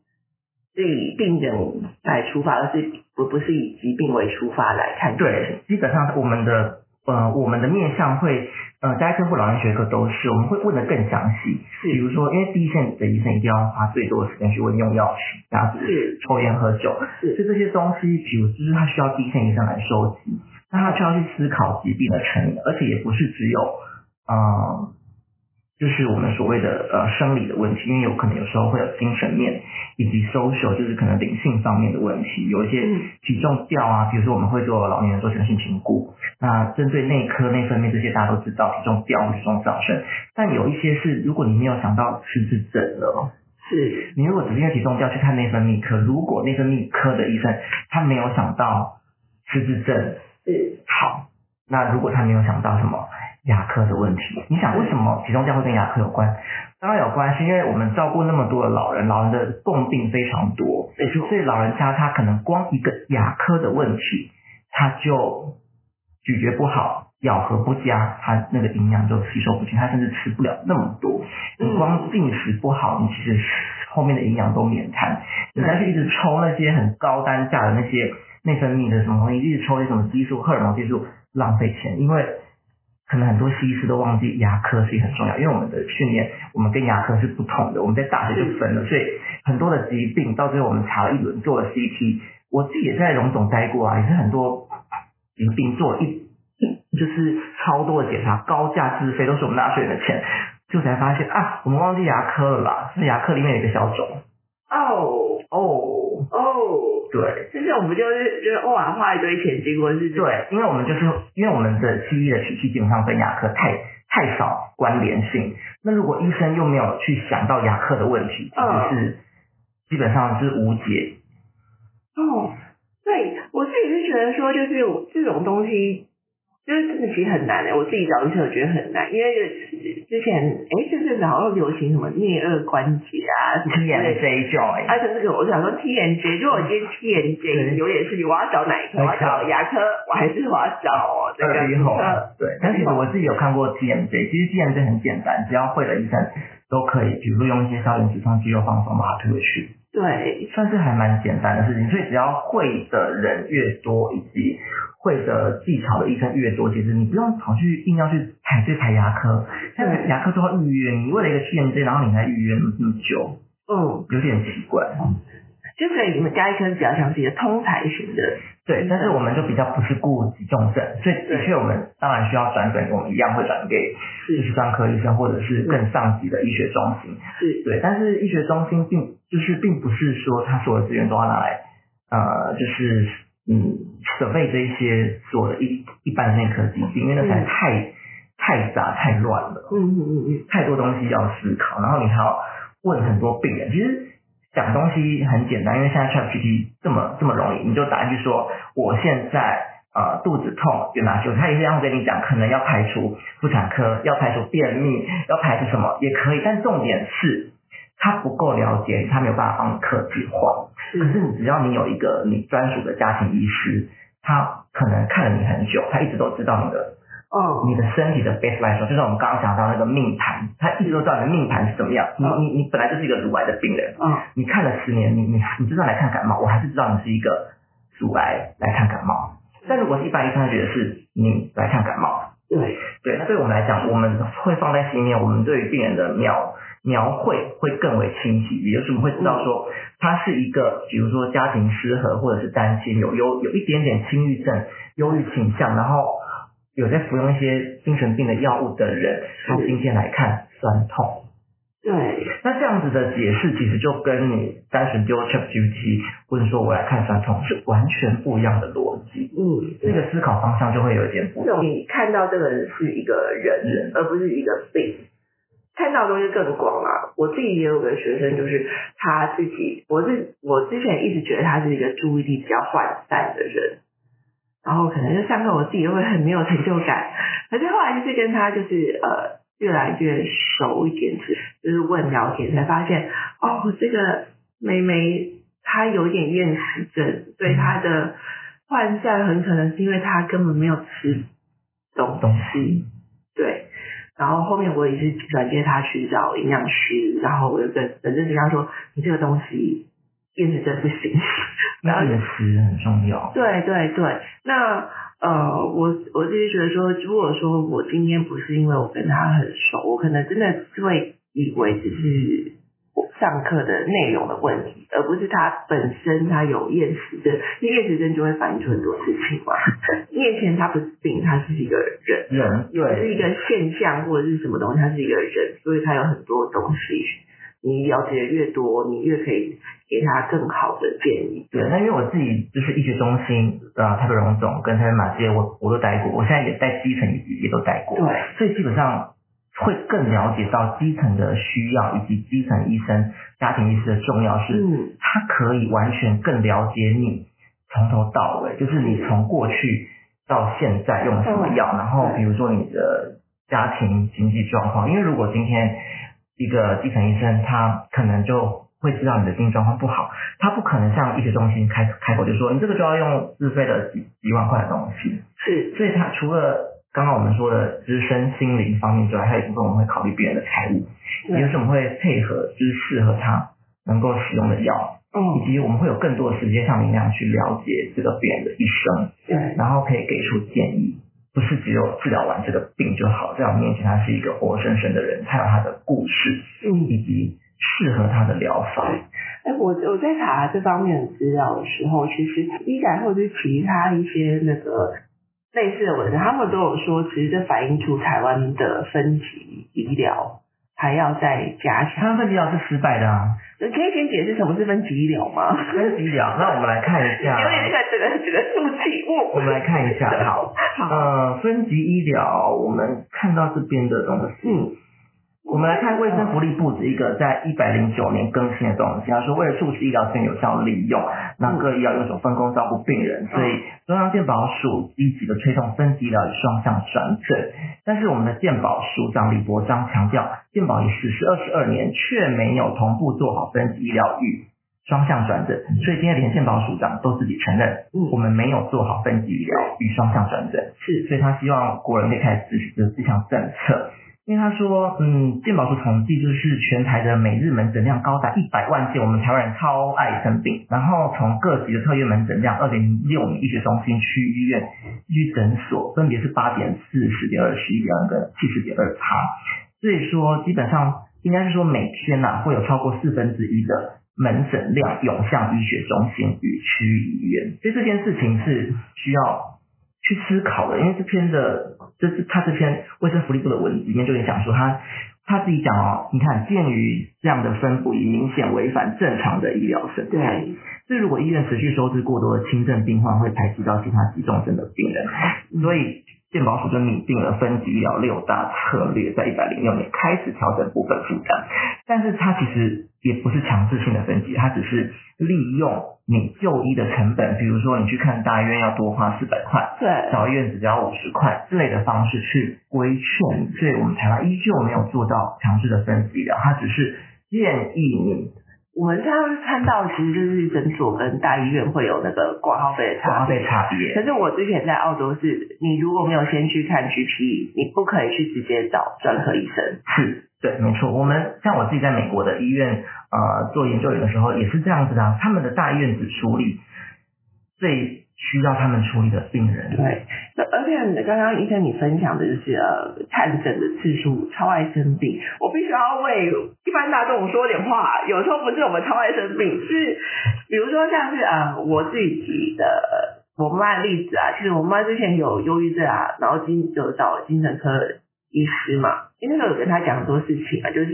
對以病人來出發，而是不不是以疾病為出發來看？對，基本上我們的呃，我們的面向會。呃，家醫科或老人學科都是，我們會問得更詳細。比如說，因為第一線的醫生一定要花最多的時間去問用藥、這樣子抽菸、喝酒，就這些東西，比如就是他需要第一線醫生來收集，那他就要去思考疾病的成因，而且也不是只有呃就是我們所謂的呃生理的問題，因為有可能有時候會有精神面以及 social，就是可能靈性方面的問題，有一些體重掉啊，嗯、比如說我們會做老年人做全身評估。那針對內科內分泌這些大家都知道，體重掉體重上升，但有一些是如果你沒有想到失智症哦，是你如果只是因為體重掉去看內分泌科，如果內分泌科的醫生他沒有想到失智症，嗯、呃，好，那如果他沒有想到什麼？牙科的問題，你想為什麼體重下降會跟牙科有關？當然有關係，因為我們照顧那麼多的老人，老人的共病非常多，所以老人家他可能光一個牙科的問題，他就咀嚼不好，咬合不佳，他那個營養就吸收不進，他甚至吃不了那麼多。你光進食不好，你其實後面的營養都免談。你再去一直抽那些很高單價的那些內分泌的什麼東西，一直抽那什麼激素、荷爾蒙激素，浪費錢，因為。可能很多西醫師都忘記牙科是很重要，因為我們的訓練，我們跟牙科是不同的，我們在大學就分了，所以很多的疾病到最後我們查了一輪做了 CT，我自己也在榮總待過啊，也是很多疾病做了一就是超多的檢查，高價自費都是我們納稅人的錢，就才發現啊，我們忘記牙科了啦，那牙科裡面有一個小腫。哦哦哦，對，就是我們就是就是偶爾花一堆錢經過是，是，對，因為我們就是因為我們七七的西醫的體系基本上跟牙科太太少關聯性，那如果醫生又沒有去想到牙科的問題，其實是、oh, 基本上是無解。哦、oh,，對我自己是覺得說，就是有這種東西。就是這的其實很難的，我自己找醫生我覺得很難，因為之前誒，就、欸、是好像流行什麼顳顎關節啊，，T M J 啊跟這 J，、個、種，而且那個我想說 T M J，如果今天 T M J 有點事情，我要找哪一科？我要找牙科，我還是我要找這個耳鼻喉？對，但是我自己有看過 T M J，其實 T M J 很簡單，只要會了醫生都可以，比如說用一些消炎止痛肌肉放鬆，把它推回去。對，算是還蠻簡單的事情，所以只要會的人越多，以及會的技巧的醫生越多，其實你不用跑去硬要去排對排牙科，像牙科都要預約，你為了一個驗資，然後你還預約那麼、嗯、久，哦、嗯，有點奇怪。嗯、就可以，你們家醫科是比較像自己的，通才型的。對，但是我們就比較不是顧及重症，所以的確我們當然需要轉診，我們一樣會轉給就是專科醫生或者是更上級的醫學中心。對，但是醫學中心並就是並不是說他所有的資源都要拿來，呃，就是嗯，準備這些所有的一一般的內科疾病，因為那才太太雜太亂了，嗯嗯嗯，太多東西要思考，然後你還要問很多病人，其實。講東西很簡單，因為現在 ChatGPT 這麼這麼容易，你就打一句說我現在呃肚子痛有哪就，他也會讓我跟你講，可能要排除婦產科，要排除便秘，要排除什麼也可以，但重點是他不夠了解，他沒有辦法幫你個體化。是，可是你只要你有一個你專屬的家庭醫師，他可能看了你很久，他一直都知道你的。哦、oh. 你的身體的 baseline 就是，我們剛剛講到那個命盤，他一直都知道你的命盤是怎麼樣。Oh. 你你你本來就是一個乳癌的病人，oh. 你看了十年，你你你就算來看感冒，我還是知道你是一個乳癌來看感冒。但如果是一般醫生，他覺得是你來看感冒。對、mm. 對，那對我們來講，我們會放在心裡面，我們對病人的描描繪會，會更為清晰。也就是我們會知道說，他、mm. 是一個，比如說家庭失和，或者是單親，有有有一點點輕鬱症、憂鬱傾向，然後。有在服用一些精神病的藥物的人，從今天來看酸痛。對，那這樣子的解釋其實就跟你單純丟 ChatGPT，或者說我來看酸痛是完全不一樣的邏輯。嗯，那、這個思考方向就會有一點不同。你、嗯、看到這個人是一個人、嗯，而不是一個病，看到的東西更廣了、啊。我自己也有個學生，就是他自己，我是我之前一直覺得他是一個注意力比較渙散的人。然後可能就上課，我自己會很沒有成就感。可是後來就是跟他就是呃越來越熟一點，就是問聊天才發現哦，這個妹妹她有點厭食症，對她的換算很可能是因為她根本沒有吃東西。對，然後後面我也是轉接她去找營養師，然後我就跟反正就跟他說，你這個東西。厭食症不行，那飲食很重要。 對對對，那呃，我我自己覺得說，如果說我今天不是因為我跟他很熟，我可能真的就會以為只是上課的內容的問題，而不是他本身他有厭食症。因為厭食症就會反映出很多事情嘛。面 前他不是病，他是一個人，人對是一個現象或者是什麼東西，他是一個人，所以他有很多東西。你了解的越多，你越可以給他更好的建議。對，那因為我自己就是醫學中心啊、呃，台北榮總跟台北馬偕，我我都待過，我現在也在基層也也都待過。對，所以基本上會更了解到基層的需要，以及基層醫生、家庭醫師的重要。是，他可以完全更了解你從頭到尾，嗯、就是你從過去到現在用什麼藥，然後比如說你的家庭經濟狀況，因為如果今天，一個基層醫生，他可能就會知道你的經濟狀況不好，他不可能像醫學中心開開口就說你這個就要用自費的幾，幾萬塊的東西。是，所以他除了剛剛我們說的身心靈方面之外，還有部分我們會考慮病人的財務、嗯，也就是我們會配合就是適合他能夠使用的藥，嗯，以及我們會有更多的時間像你那樣去了解這個病人的一生，對、嗯，然後可以給出建議。不是只有治療完這個病就好，在我面前他是一個活生生的人，他有他的故事，嗯，以及適合他的療法。哎、嗯嗯欸，我我在查這方面的資料的時候，其實醫改或者是其他一些那個類似的文章，他們都有說，其實就反映出台灣的分級醫療。還要再加強。他分級醫療是失敗的啊！可以先解釋什麼是分級醫療嗎？分級醫療，那我們來看一下。有點在只能只能怒氣我。我們來看一下， 好，好，呃，分級醫療，我們看到這邊的東西。嗯我們來看衛生福利部一個在一百零九年更新的東西，他說為了促使醫療資源有效的利用，那各、個、醫療院所分工照顧病人，所以中央健保署積極的推動分級醫療與雙向轉診。但是我們的健保署長李伯璋強調，健保已實施二十二年，卻沒有同步做好分級醫療與雙向轉診，所以今天連健保署長都自己承認，我們沒有做好分級醫療與雙向轉診。是，所以他希望國人可以開始支持這項政策。因為他說，嗯，健保署統計就是全台的每日門診量高達一百萬件，我們台灣人超愛生病。然後從各級的特約門診量，二零六名醫學中心、區醫院、區診所，分別是八點四、十點二、十一點二跟七十點二趴。所以說，基本上應該是說每天吶、啊，會有超過四分之一的門診量湧向醫學中心與區醫院。所以這件事情是需要。去思考的，因為這篇的這、就是他這篇衛生福利部的文裡面就也講說他，他他自己講哦，你看鑑於這樣的分布已明顯違反正常的醫療生態，對，所以如果醫院持續收治過多的輕症病患，會排擠到其他急重症的病人，所以。健保署就擬定了分級醫療六大策略，在一百零六年開始調整部分負擔，但是它其實也不是強制性的分級，它只是利用你就醫的成本，比如說你去看大醫院要多花四百塊，對，小醫院只要五十塊之類的方式去規勸，所以我們台灣依舊沒有做到強制的分級醫療，它只是建議你。我們這樣看到，其實就是診所跟大醫院會有那個掛號費的差別。可是我之前在澳洲是，你如果沒有先去看 GP，你不可以去直接找專科醫生。是，對，沒錯。我們像我自己在美國的醫院，呃，做研究員的時候也是這樣子的啊，他們的大醫院只處理，最需要他們處理的病人，對，而且剛剛醫生你分享的就是呃，看診的次數超愛生病。我必須要為一般大眾說點話，有時候不是我們超愛生病，是比如說像是啊、呃，我自己的，呃、我媽的例子啊，其實我媽之前有憂鬱症啊，然後經就找精神科醫師嘛，因為那有跟她講很多事情啊，就是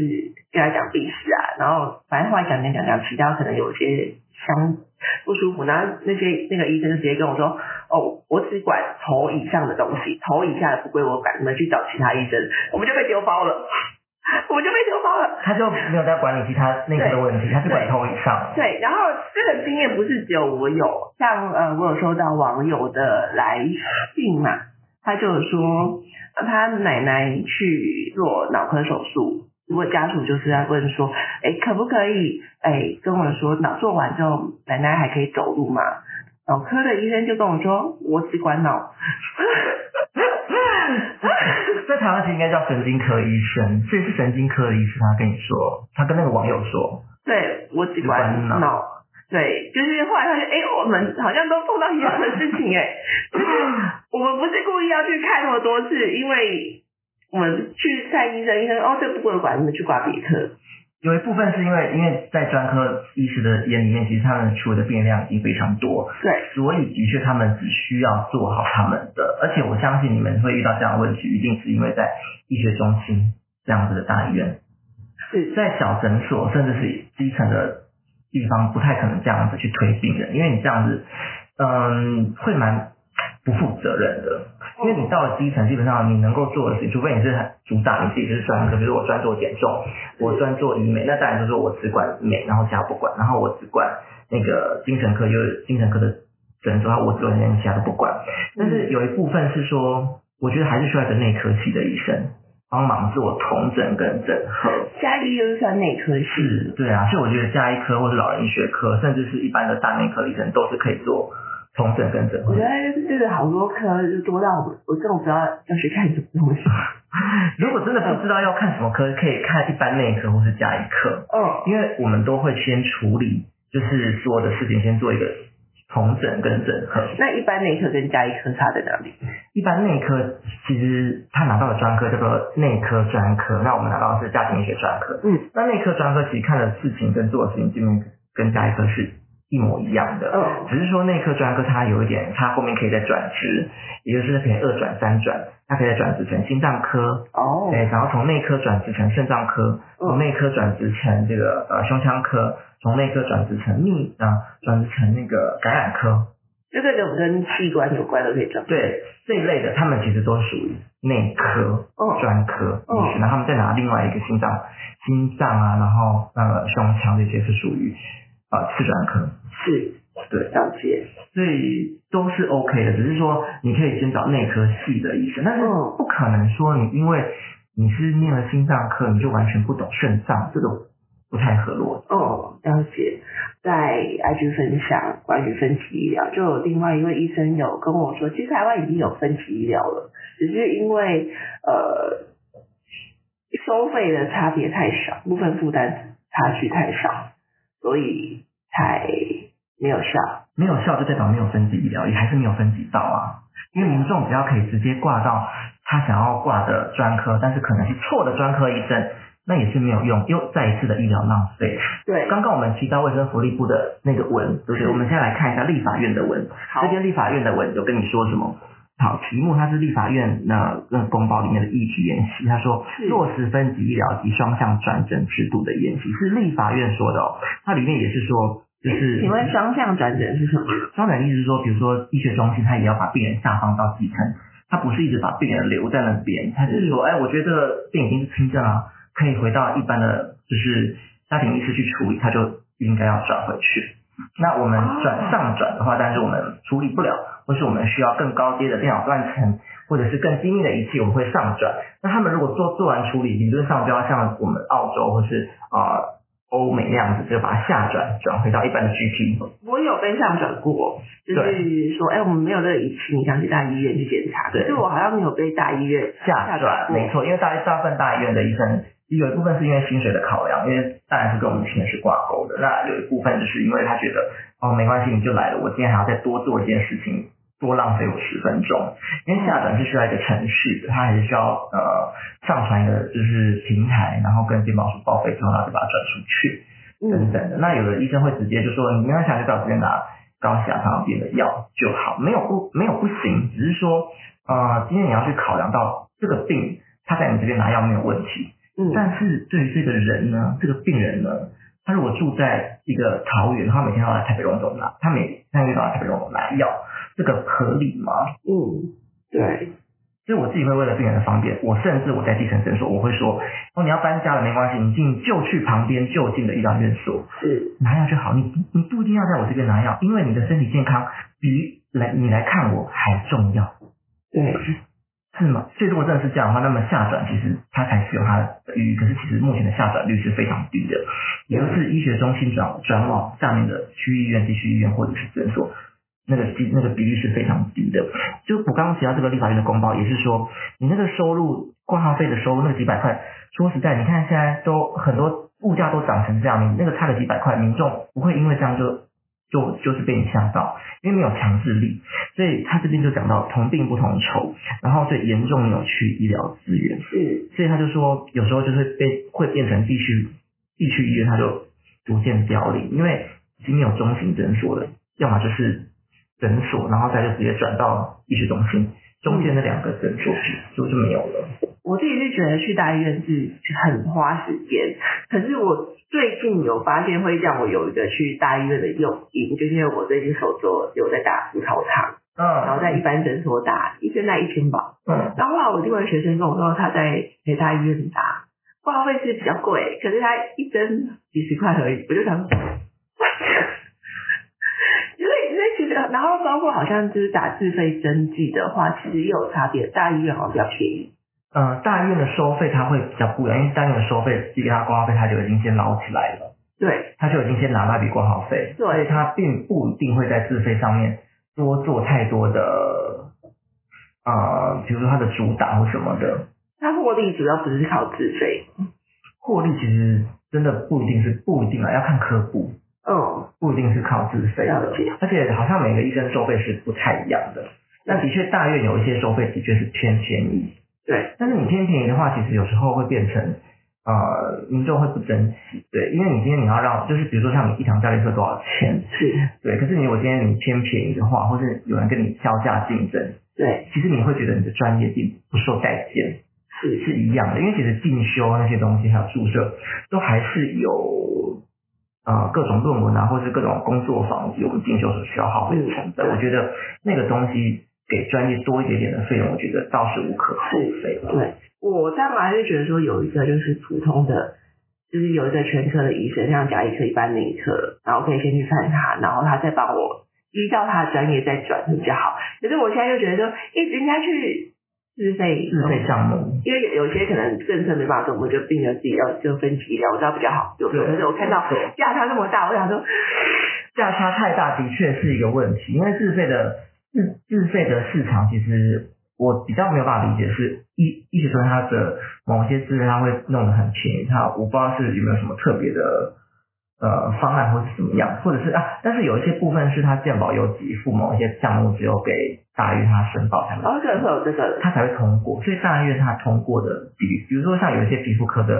跟她講病史啊，然後反正後來講講講講，其他可能有些相。不舒服，然後那些那個醫生就直接跟我說，哦，我只管頭以上的東西，頭以下的不歸我管，你們去找其他醫生，我們就被丟包了，我們就被丟包了。他就沒有在管理其他那個的問題，他是管頭以上。對，然後這個經驗不是只有我有，像呃，我有收到網友的來信嘛，他就是說他奶奶去做腦科手術。如果家屬就是在問說，哎、欸，可不可以，哎、欸，跟我說腦做完之後，奶奶還可以走路嗎？腦科的醫生就跟我說，我只管腦。 在台灣其實應該叫神經科醫生，這是神經科的醫生，他跟你說，他跟那個網友說，對，我只管腦。對，就是後來發現，哎、欸，我們好像都碰到一樣的事情，哎，就是我們不是故意要去看那麼多次，因為。我們去看醫生，醫生哦，這不過的管，你們去掛別科。有一部分是因為，因為在專科醫師的眼裡面，其實他們出的變量已經非常多，對，所以的確他們只需要做好他們的。而且我相信你們會遇到這樣的問題，一定是因為在醫學中心這樣子的大醫院。是在小診所甚至是基層的地方，不太可能這樣子去推病人，因為你這樣子，嗯，會蠻不負責任的。因為你到了基層，基本上你能夠做的事情，除非你是主打你自己就是專科，比如說我專做減重，我專做醫美，那當然就是我只管醫美，然後其他不管；然後我只管那個精神科，就是精神科的診斷，我只些其他都不管。但是有一部分是說，我覺得還是需要一個內科系的醫生幫忙做統整跟整合。家醫又算內科系是？對啊，所以我覺得家醫科或者老人醫學科，甚至是一般的大內科醫生，都是可以做。重整跟整合，我覺得這個好多科就多到我，我真的不知道要去看什麼東西。 如果真的不知道要看什麼科，哦，可以看一般內科或是家醫科。嗯、哦，因為我們都會先處理，就是做的事情，嗯、先做一個重整跟整合、嗯。那一般內科跟家醫科差在哪裡？一般內科其實他拿到的專科叫做、就是、內科專科，那我們拿到的是家庭醫學專科。嗯，那內科專科其實看的事情跟做的事情，跟家醫科是。一模一樣的，只是說內科專科它有一點，它後面可以再轉職，也就是可以二轉三轉，它可以再轉職成心臟科，哦、oh.，對，然後從內科轉職成腎臟科，從內科轉職成這個呃胸腔科，從內科轉職成泌啊轉職成那個感染科，這、嗯、個跟器官有關都可以轉，對這一類的，他們其實都屬於內科專、oh. 科嗯、oh. 就是。然後他們再拿另外一個心臟心臟啊，然後呃胸腔這些是屬於。啊、呃，次專科是對，對，了解。所以都是 OK 的，只是說你可以先找內科系的醫生，但是不可能說你因為你是念了心臟科，你就完全不懂腎臟，這種、個、不太合邏輯。哦，了解，在 IG 分享關於分級醫療，就有另外一位醫生有跟我說，其實台灣已經有分級醫療了，只是因為呃收費的差別太少，部分負擔差距太少。所以才沒有效，沒有效就代表沒有分級醫療，也還是沒有分級到啊。因為民眾只要可以直接掛到他想要掛的專科，但是可能是錯的專科醫生，那也是沒有用，又再一次的醫療浪費。對，剛剛我們提到衛生福利部的那個文，就是我們先來看一下立法院的文，好。這邊立法院的文有跟你說什麼？好，題目它是立法院那那公報裡面的議題演習，他說是落實分級醫療及雙向轉診制度的演習，是立法院說的哦，它裡面也是說，就是請問雙向轉診是什麼？雙向的意思是說，比如說醫學中心他也要把病人下放到基層，他不是一直把病人留在那邊，他就是說是，哎，我覺得病已經是輕症了，可以回到一般的，就是家庭醫師去處理，他就應該要轉回去。那我們轉上轉的話，但是我們處理不了，或是我們需要更高階的電腦斷層，或者是更精密的儀器，我們會上轉。那他們如果做做完處理，理論上就要像我們澳洲或是啊。呃歐美那樣子就把它下轉，轉回到一般的 GP。我有被下轉過，就是說，哎、欸，我們沒有這個儀器，你想去大醫院去檢查。對，就我好像沒有被大醫院下轉，沒錯，因為大大部分大醫院的醫生有一部分是因為薪水的考量，因為當然是跟我們錢是掛鈎的。那有一部分就是因為他覺得，哦，沒關係，你就來了，我今天還要再多做一件事情。多浪費我十分鐘，因為下轉是需要一個程序，它還是需要呃上傳一個就是平台，然後跟健保署報備之後，然後把它轉出去等等的、嗯。那有的醫生會直接就說：“你要想去這邊拿高血壓糖尿病的藥就好，沒有不沒有不行，只是說啊、呃，今天你要去考量到這個病他在你這邊拿藥沒有問題，嗯、但是對於這個人呢，這個病人呢，他如果住在一個桃園，他每天要來台北榮總拿，他每三個月都要來台北榮總拿藥。”這個合理嗎？嗯，對，所以我自己會為了病人的方便，我甚至我在基層診所，我會說，哦，你要搬家了沒關係，你進就去旁邊就近的醫療院所，是拿藥就好。你你不一定要在我這邊拿藥，因為你的身體健康比來你來看我還重要。對是，是嗎？所以如果真的是這樣的話，那麼下轉其實它才是有它的意義。可是其實目前的下轉率是非常低的，也就是醫學中心轉轉往下面的區域醫院、地區醫院或者是診所。那個比那個比率，是非常低的，就我剛剛提到這個立法院的公報也是說，你那個收入掛號費的收入那幾百塊，說實在，你看現在都很多物價都漲成這樣，你那個差個幾百塊，民眾不會因為這樣就就就是被你嚇到，因為沒有強制力，所以他這邊就講到同病不同酬，然後最嚴重扭曲醫療資源，是，所以他就說有時候就是被會變成地區地區醫院它就逐漸凋零，因為已經沒有中型診所了，要麼就是。診所，然後再就直接轉到醫學中心，中間的兩個診所就就沒有了。我自己是覺得去大醫院是很花時間，可是我最近有發現會讓我有一個去大醫院的誘因，就是因為我最近手作有在打葡萄糖，嗯，然後在一般診所打一針才一千八，嗯，然後後來我另外學生跟我說他在陪大醫院打，掛號費是比較貴，可是他一針幾十塊而已，我就想。然後包括好像就是打自費針劑的話，其實也有差別，大醫院好像比較便宜。呃，大醫院的收費它會比較貴，因為大醫院的收費，給他掛號費他就已經先撈起來了。對，他就已經先拿那筆掛號費。對，所以他並不一定會在自費上面多做太多的，啊、呃，比如說他的主打或什麼的。他獲利主要不是靠自費。獲利其實真的不一定，是不一定啊，要看科普。嗯，不一定是靠自費的，而且好像每個醫生收費是不太一樣的。那的確，大約，有一些收費的確是偏便宜。對，但是你偏便宜的話，其實有時候會變成呃民眾會不珍惜。對，因為你今天你要讓，就是比如說像你一堂教練要多少錢？是。對，可是你如果今天你偏便宜的話，或是有人跟你交價競爭，對，其實你會覺得你的專業並不受待見，是是一樣的。因為其實進修那些東西，還有注射，都還是有。啊，各種論文啊，或者是各種工作坊，有進修所需要耗費的成本、嗯，我覺得那個東西給專業多一點點的費用，我覺得倒是無可厚非了。對，我將來就覺得說，有一個就是普通的，就是有一個全科的醫生，像家醫科、一般那一科，然後我可以先去看他，然後他再幫我依照他的專業再轉比較好。可是我現在就覺得說，一直應該去。自費自費項目，嗯，因為有些可能政策沒辦法做，我就病了自己要就分期了，我知道比較好有時候，但是我看到價差那麼大，我想說價差太大的確是一個問題，因為自費的自自費的市場其實我比較沒有辦法理解，是一一直說它的某些資源它會弄得很便宜，它，我不知道是不是有沒有什麼特別的。呃，方案或者怎麼樣，或者是啊，但是有一些部分是他健保有給付某一些項目，只有給大醫院他申報才能啊、哦，對這個，他才會通過，所以大醫院他通過的比例，比如說像有一些皮膚科的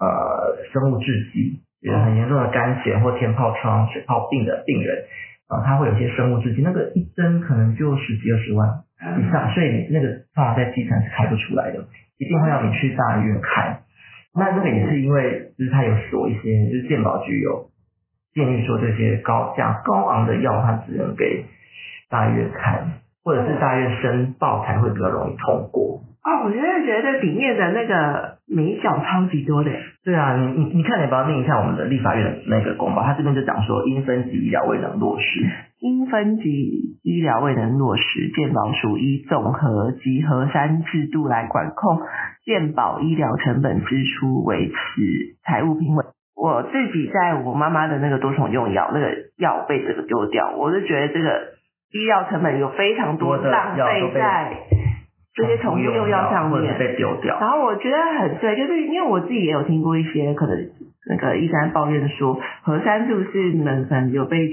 呃生物製劑，有很嚴重的乾癬或天皰瘡、水皰病的病人啊、呃，他會有一些生物製劑，那個一針可能就十幾二十萬以上，所以那個放在基層是開不出來的，一定會要你去大醫院開。那那個也是因為，就是他有說一些，就是健保局有建議說，這些高價高昂的藥，它只能給大院看，或者是大院申報才會比較容易通過。啊、嗯哦，我現在覺得裡面的那個。沒想超級多的，嗯。對啊，你你你看，你把它念一下，我們的立法院的那個公報，他這邊就講說，因分級醫療未能落實，因分級醫療未能落實，健保署依綜合及核三制度來管控健保醫療成本支出，維持財務平穩。我自己在我媽媽的那個多重用藥，那個藥被這個丟掉，我就覺得這個醫藥成本有非常多的浪費在，這些東西又要上面、嗯、被丟掉，然後我覺得很對，就是因為我自己也有聽過一些可能那個醫生抱怨說，核刪是不是能能有被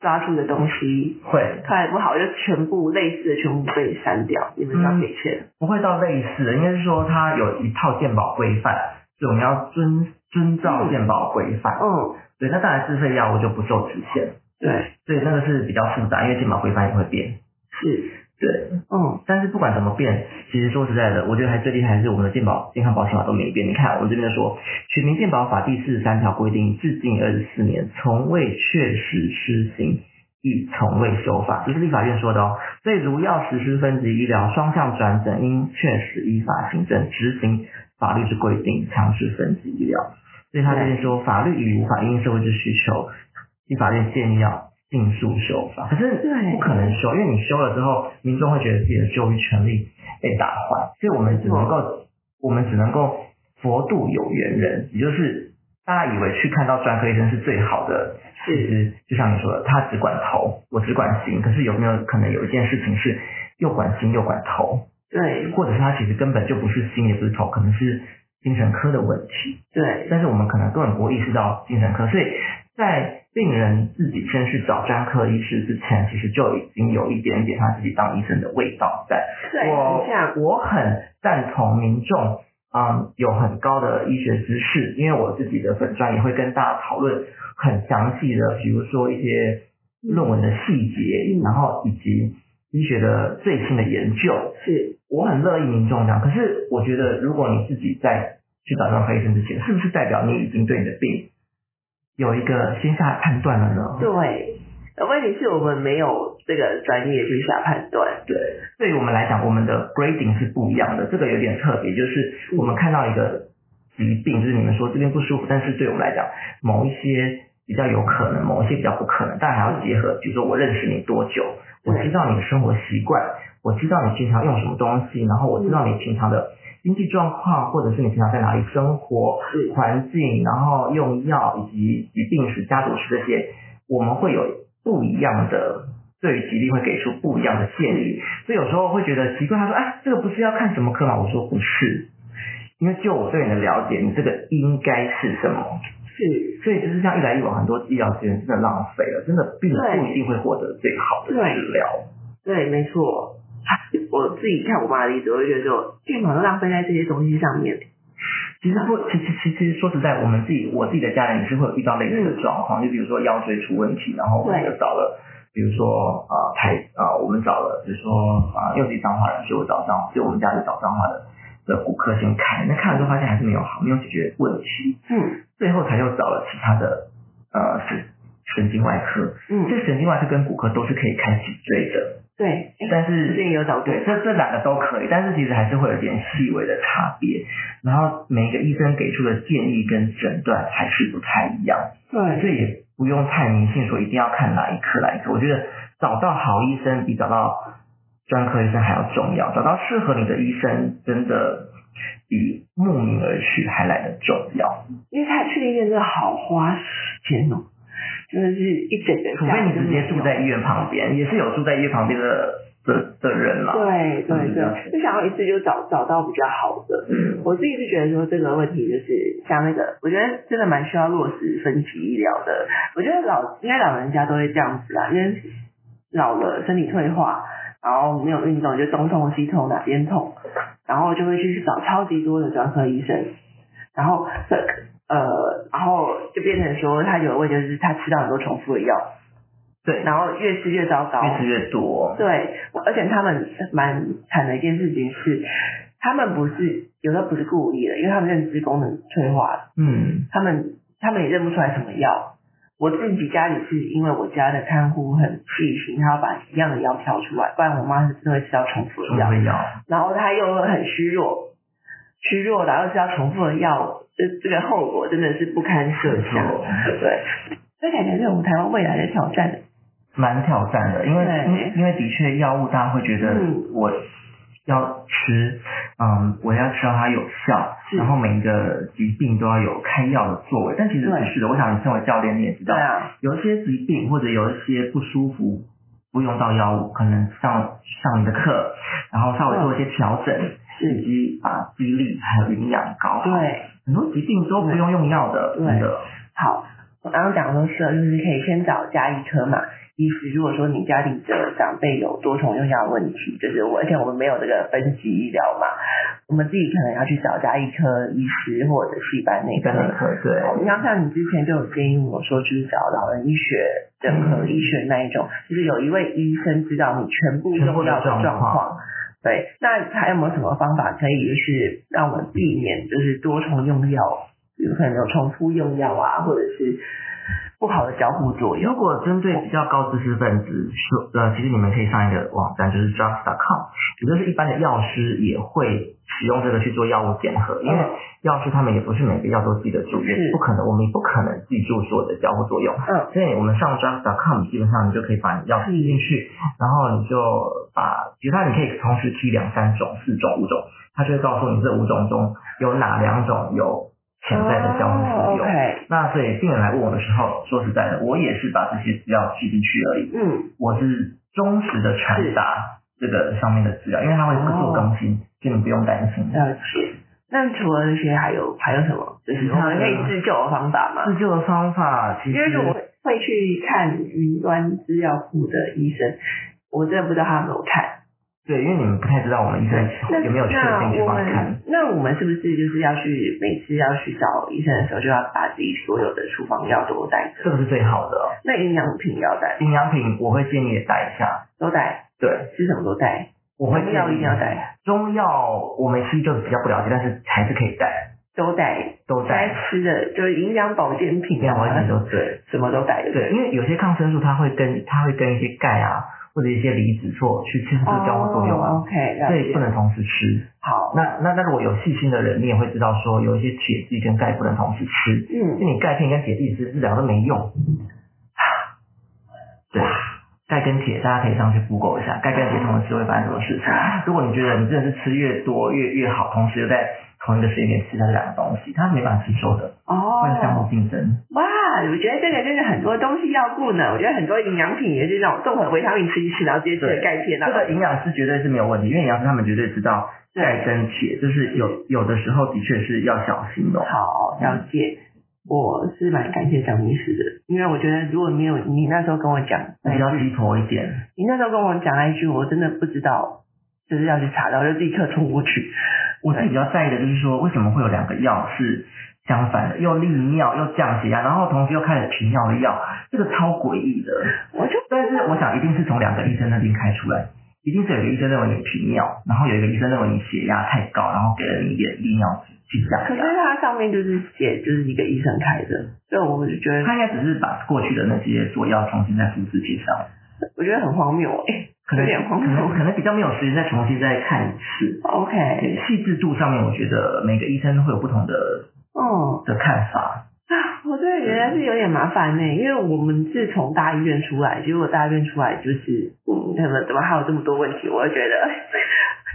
抓住的東西、嗯、會太不好，就全部類似的全部被刪掉，因為要賠錢。不會到類似的，應該是說它有一套健保規範，所以我們要遵遵照健保規範，嗯。嗯，對，那當然自費藥物就不受侷限。對，所以那個是比較複雜，因為健保規範也會變。是。對，嗯，但是不管怎麼變，其實說實在的，我覺得還最厲害還是我們的健保健康保險法都沒變。你看，我這邊說《全民健保法》第四十三條規定，至今二十四年，從未確實施行，亦從未修法，這是立法院說的哦。所以，如要實施分級醫療、雙向轉診，應確實依法行政，執行法律之規定，強制分級醫療。所以他這邊說，法律已無法因社會之需求，立法院建議要。盡速修法，可是不可能修，因為你修了之後，民眾會覺得自己的就醫權利被打壞，所以我們只能夠、嗯，我們只能夠佛度有緣人，也就是大家以為去看到專科醫生是最好的，事實就像你說的，他只管頭，我只管心，可是有沒有可能有一件事情是又管心又管頭？對，或者是他其實根本就不是心也不是頭，可能是精神科的問題。對，但是我們可能根本不會意識到精神科，所以。在病人自己先去找專科醫師之前，其實就已經有一點點他自己當醫生的味道在。對，我很贊同民眾，嗯，有很高的醫學知識，因為我自己的粉專也會跟大家討論很詳細的，比如說一些論文的細節，嗯，然後以及醫學的最新的研究。是，我很樂意民眾講，可是我覺得，如果你自己在去找專科醫生之前，是不是代表你已經對你的病，有一個先下判斷了呢。對，問題是我們沒有這個專業去下判斷。對，對於我們來講，我們的 grading 是不一樣的。這個有點特別，就是我們看到一個疾病，嗯、就是你們說這邊不舒服，但是對我們來講，某一些比較有可能，某一些比較不可能，但還要結合，嗯、比如說我認識你多久，我知道你的生活習慣，我知道你經常用什麼東西，然後我知道你平常的、嗯。經濟狀況，或者是你平常在哪裡生活、環境，然後用藥以及疾病史、家族史這些，我們會有不一樣的對於疾病會給出不一樣的建議，所以有時候會覺得奇怪。他說：“哎，這個不是要看什麼科嗎？”我說：“不是，因為就我對你的了解，你這個應該是什麼？”是，所以就是像一來一往，很多醫療資源真的浪費了，真的並不一定會獲得最好的治療。對，沒錯。啊、我自己看我爸的例子，我就覺得就錢，可能浪費在這些東西上面。其實不，其其其實說實在，我們自己我自己的家人也是會遇到類似的狀況，嗯。就比如說腰椎出問題，然後我們就找了，比如說啊，太啊，我們找了，比如說啊，又是彰化人，所以我找彰，就我們家就找彰化的的骨科先看，那看了就發現還是沒有好，沒有解決問題。嗯。最後才又找了其他的呃，是神、神經外科。嗯。這神經外科跟骨科都是可以開脊椎的。對，但是找對這這兩個都可以，但是其實還是會有點細微的差別，然後每一個醫生給出的建議跟診斷還是不太一樣。對，所以也不用太迷信說一定要看哪一科，哪一科。我覺得找到好醫生比找到專科醫生還要重要，找到適合你的醫生真的比慕名而去還來得重要。因為他去醫院真的好花時間哦。真、就、的是一整個，除非你直接住在醫院旁邊，也是有住在醫院旁邊的的人嘛、啊。對對對，嗯、就想要一次就找找到比較好的。嗯、我自己是覺得說這個問題就是像那個，我覺得真的蠻需要落實分級醫療的。我覺得老應該老人家都會這樣子啦，因為老了身體退化，然後沒有運動，就東痛西痛哪邊痛，然後就會去找超級多的專科醫生，然後呃，然後就變成說，他有一位就是他吃到很多重複的藥，對，然後越吃越糟糕，越吃越多，對。而且他們蠻慘的一件事情是，他們不是有時候不是故意的，因為他們認知功能退化了，嗯，他們他們也認不出來什麼藥。我自己家裡是因為我家的看護很細心，他要把一樣的藥挑出來，不然我媽是真的會吃到重複的藥，然後他又很虛弱，虛弱然後吃到重複的藥。這這個後果真的是不堪設想，嗯、對，不對，所以感覺對，是我們台灣未來的挑戰。蠻挑戰的，因為因，因為的確藥物，大家會覺得我要吃，嗯，我要知道它有效，然後每一個疾病都要有開藥的作為。但其實不是的，我想你身為教練，你也知道對、啊，有一些疾病或者有一些不舒服，不用到藥物，可能上上你的課，然後稍微做一些調整，嗯、以及把肌力，還有營養搞好對。很多疾病都不用用藥的，對的對。好，我剛剛講的東西就是可以先找家醫科嘛。醫師，如果說你家裡的長輩有多重用藥問題，就是我，而且我們沒有這個分級醫療嘛，我們自己可能要去找家醫科醫師或者一般內科。科對。你、哦、要像你之前就有建議我說，就是找老人醫學、整、嗯、合醫學那一種，就是有一位醫生知道你全部用藥的狀況。嗯嗯對，那還有沒有什麼方法可以就是讓我避免就是多重用藥，就可能有重複用藥啊，或者是。不好的交互作用。如果針對比較高知識分子，說，呃，其實你們可以上一個網站，就是 Drugs.com。也就是一般的藥師也會使用這個去做藥物檢核。嗯，因為藥師他們也不是每個藥都記得住，也不可能，我們也不可能記住所有的交互作用。嗯，所以我們上 Drugs.com，基本上你就可以把你藥吃進去，然後你就把，比如說你可以同時提兩三種、四種、五種，它就會告訴你這五種中有哪兩種有，潛在的交互作用。對。那所以病人來問我的時候，說實在的，我也是把這些資料記進去而已。嗯，我是忠實的傳達這個上面的資料，因為他會會做更新，根、oh, 本不用擔心那。那除了這些，還有還有什麼？就是可以自救的方法嗎？自救的方法，其實我會去看雲端資料庫的醫生，我真的不知道他有沒有看。對，因為你們不太知道我們醫生有沒有去什麼地方看。那我們是不是就是要去，每次要去找醫生的時候，就要把自己所有的處方藥都帶着？這個是最好的哦。那營養品要帶？營養品我會建議也帶一下。都帶？對，吃什麼都帶？我會建議中藥一定要帶。中藥我們其實就比較不了解，但是還是可以帶。都帶，都帶。都帶，該吃的就是營養保健品，營養保健品都對，什麼都帶對。對，因為有些抗生素它會跟，它會跟一些鈣啊。或者一些離子錯，去競爭交互作用啊、oh, okay,，所以不能同時吃。好，那那那如果有細心的人，你也會知道說有一些鐵劑跟鈣不能同時吃。嗯，就你鈣片跟鐵劑吃治療都沒用。嗯、 對啊，鈣跟鐵大家可以上去 Google 一下，鈣跟鐵同時吃會發生什麼事情、嗯？如果你覺得你真的是吃越多越越好，同時又在同一個時間點吃這兩個東西，它是沒辦法吸收的。哦、oh，會相互競爭。哇、wow。啊、我覺得這個就是很多東西要顧呢。我覺得很多營養品也是這種綜合維他命、維生素，然後直接吃鈣片然後。這個營養師絕對是沒有問題，因為營養師他們絕對知道鈣跟鐵，就是有有的時候的確是要小心的。好，了解。嗯、我是蠻感謝張醫師的，因為我覺得如果你沒有你那時候跟我講，比較低頭一點。你那時候跟我講那句，我真的不知道，就是要去查，然後就立刻衝過去。我自己比較在意的就是說，為什麼會有兩個藥是？相反的，又利尿又降血壓，然後同時又開了頻尿的藥，這個超詭異的。我就但是我想一定是從兩個醫生那邊開出來，一定是有一個醫生認為你頻尿，然後有一個醫生認為你血壓太高，然後給了你一點利尿去降。可是它上面就是寫，就是一個醫生開的。所以我就覺得他應該只是把過去的那些做藥重新再複製貼上。我覺得很荒謬誒、哦欸，有點荒謬。可能比較沒有時間再重新再看一次。OK，細緻度上面，我覺得每個醫生會有不同的。嗯的看法啊，我覺得原來是有點麻煩呢、欸嗯，因為我們是從大醫院出來，結果大醫院出來就是，怎、嗯、麼怎麼還有這麼多問題，我就覺得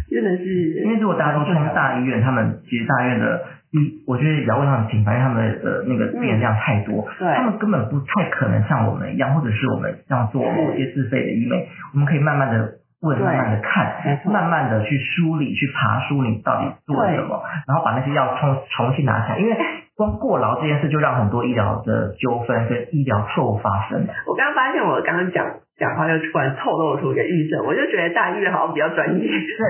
真的是，因為如果大家都衝大醫院，他們其實大醫院的，嗯，我覺得也要問他們品牌，他們的、呃、那個變量太多、嗯，對，他們根本不太可能像我們一樣，或者是我們這樣做某些自費的醫美，我們可以慢慢的。問慢慢的看，慢慢的去梳理，去爬梳理到底做了什麼，然後把那些藥重重新拿起來，因為。光過勞這件事就讓很多醫療的糾紛跟醫療錯誤發生。我剛剛發現，我剛剛講講話就突然透露出一個醫生，我就覺得大醫院好像比較專業。對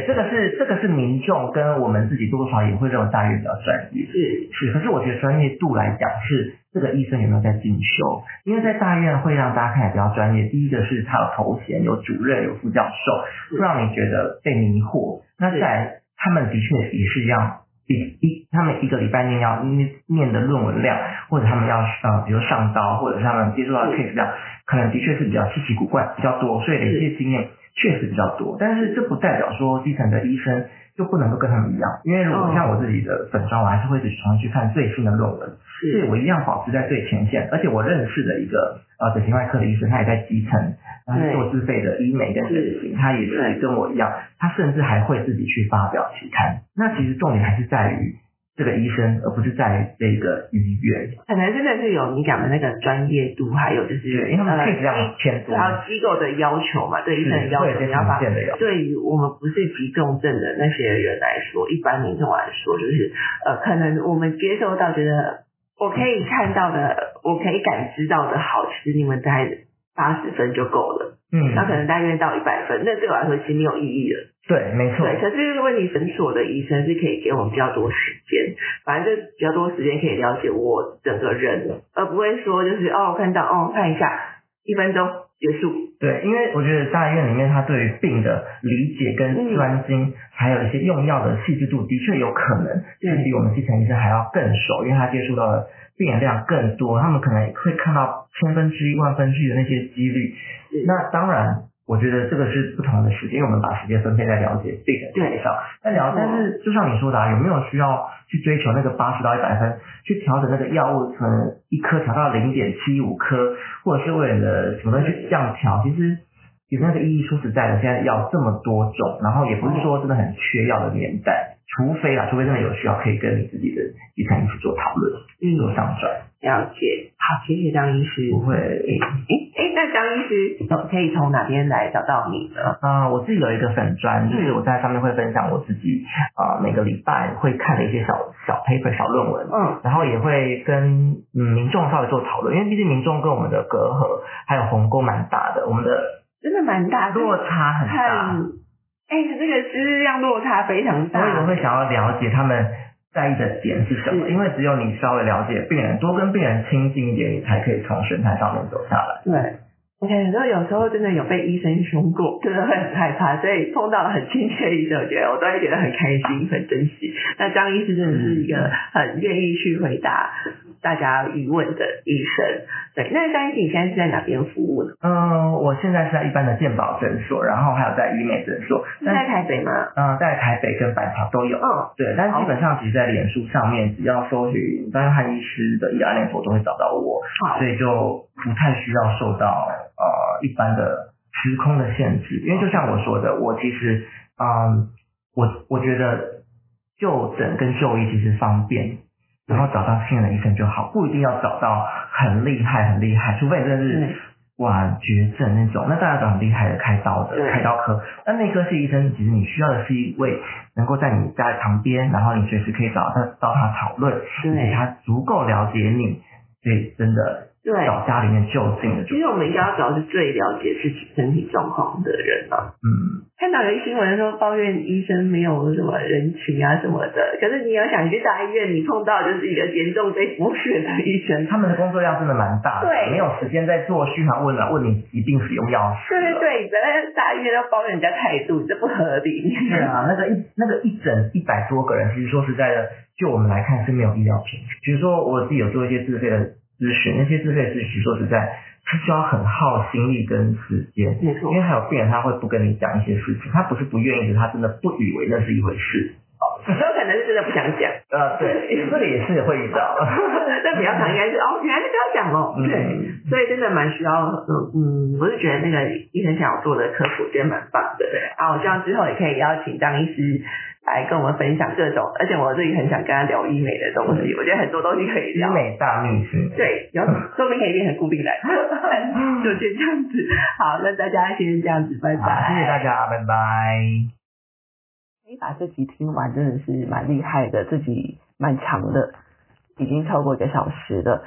對，這個是這個是民眾跟我們自己多多少也會認為大醫院比較專業。是、嗯、是，可是我覺得專業度來講，是這個醫生有沒有在進修？因為在大醫院會讓大家看起來比較專業。第一個是他有頭銜，有主任、有副教授，會、嗯、讓你覺得被迷惑。那在他們的確也是這樣。一一，他們一個禮拜內要念的論文量，或者他們要呃，比如上刀，或者是他們接觸到 case 量。可能的確是比較稀奇古怪比較多，所以累積的經驗確實比較多。但是這不代表說基層的醫生就不能夠跟他們一樣，因為如果、嗯、像我自己的粉妝，我還是會只喜歡去看最新的論文是，所以我一樣保持在最前線。而且我認識的一個呃整形外科的醫生，他也在基層，做自費的醫美跟整形，他也是跟我一樣，他甚至還會自己去發表期刊。那其實重點還是在於。這個醫生，而不是在那個醫院，可能真的是有你講的那個專業度，還有就是對，因為他們可以這樣監督、呃，然後機構的要求嘛，對醫生的要求，你要把對於我們不是急重症的那些人來說，一般民眾來說，就是呃，可能我們接受到覺得，我可以看到的，嗯、我可以感知到的好吃，其實你們在。八十分就夠了，嗯，那可能大醫院到一百分，那對我來說是沒有意義了。對，沒錯。對，可是問你診所的醫生是可以給我們比較多時間，反正就比較多時間可以了解我整個人了，而不會說就是哦，看到哦，看一下一分鐘結束。對，因為、嗯、我覺得大醫院裡面他對於病的理解跟專精，還有一些用藥的細緻度，的確有可能就是、嗯、比我們基層醫生還要更熟，因為他接觸到了。病人量更多，他們可能會看到千分之一、萬分之一的那些幾率。嗯、那當然，我覺得這個是不同的時間，因為我們把時間分配在了解病人身上。那聊、嗯，但是就像你說的、啊，有沒有需要去追求那個八十到一百分，去調整那個藥物從一顆調到零點七五顆，或者是為了什麼去這樣調？其實有那個意義。說實在的，現在藥這麼多種，然後也不是說真的很缺藥的年代。嗯除非啊，除非真的有需要，可以跟你自己的醫生一起做討論。嗯。有上專了解，好，謝謝張醫師。不會。誒、欸、誒、欸欸，那張醫師，可以從哪邊來找到你呢？嗯，我自己有一個粉專，就是我在上面會分享我自己啊、呃，每個禮拜會看的一些小小 paper、小論文。嗯。然後也會跟嗯民眾稍微做討論，因為畢竟民眾跟我們的隔閡還有鴻溝蠻大的，我們的真的蠻大，落差很大。哎，這、那個質量，落差非常大。為我為什麼會想要了解他們在意的點是什麼，嗯。因為只有你稍微了解病人，多跟病人親近一點，你才可以從神態上面走下來。對。我感覺有時候真的有被醫生凶過，真的會很害怕。所以碰到了很親切的醫生，我覺得我都會覺得很開心、很珍惜。那張醫師真的是一個很願意去回答大家疑問的醫生。對，那張醫師你現在是在哪邊服務呢？嗯，我現在是在一般的健保診所，然後還有在醫美診所。你在台北嗎？嗯、呃，在台北跟板橋都有。嗯，對。但是基本上，其實，在臉書上面只要搜尋張祐瀚醫師的醫療案內所，都會找到我好，所以就不太需要受到。呃，一般的時空的限制，因為就像我說的，我其實，嗯，我我覺得就診跟就醫其實方便，然後找到信任醫生就好，不一定要找到很厲害很厲害，除非真的是、嗯、哇絕症那種，那大家都很厲害的開刀的，開刀科，嗯、但那內科系醫生，其實你需要的是一位能夠在你家旁邊，然後你隨時可以找他找他討論，對、嗯，他足夠了解你，所以真的。對，找家裡面就近的。其、嗯、實我們家主要是最了解自己身體狀況的人啊。嗯。看到有一新聞說，抱怨醫生沒有什麼人情啊什麼的，可是你有想去大醫院，你碰到的就是一個嚴重被剝削的醫生。他們的工作量真的蠻大的，對沒有時間在做噓寒問暖，問你一定使用藥。對對對，反正大醫院要抱怨人家態度，這不合理。對啊，那個一那個一整一百多個人，其實說實在的，就我們來看是沒有醫療品。比如說我自己有做一些自費的。諮詢那些自費諮詢，說實在，他需要很耗心力跟時間，沒錯，因為還有病人他會不跟你講一些事情，他不是不願意的，他真的不以為那是一回事啊。 但是真的不想講。啊、呃，對，這裡也是會遇到，那 比較常應該是，嗯、哦，女還是不要講哦。對，嗯，所以真的蠻需要嗯，嗯，我是覺得那個醫生想要做的科普，覺得蠻棒的。對，啊，我希望之後也可以邀請張醫師來跟我們分享各種，而且我自己很想跟他聊醫美的東西，嗯、我覺得很多東西可以聊。醫美大秘。對，然後說不定可以變成固定來賓。 就先這樣子，好，那大家先這樣子，拜拜，謝謝大家，拜拜。拜拜。可以把這集聽完，真的是蠻厲害的，這集蠻長的，已經超過一個小時了。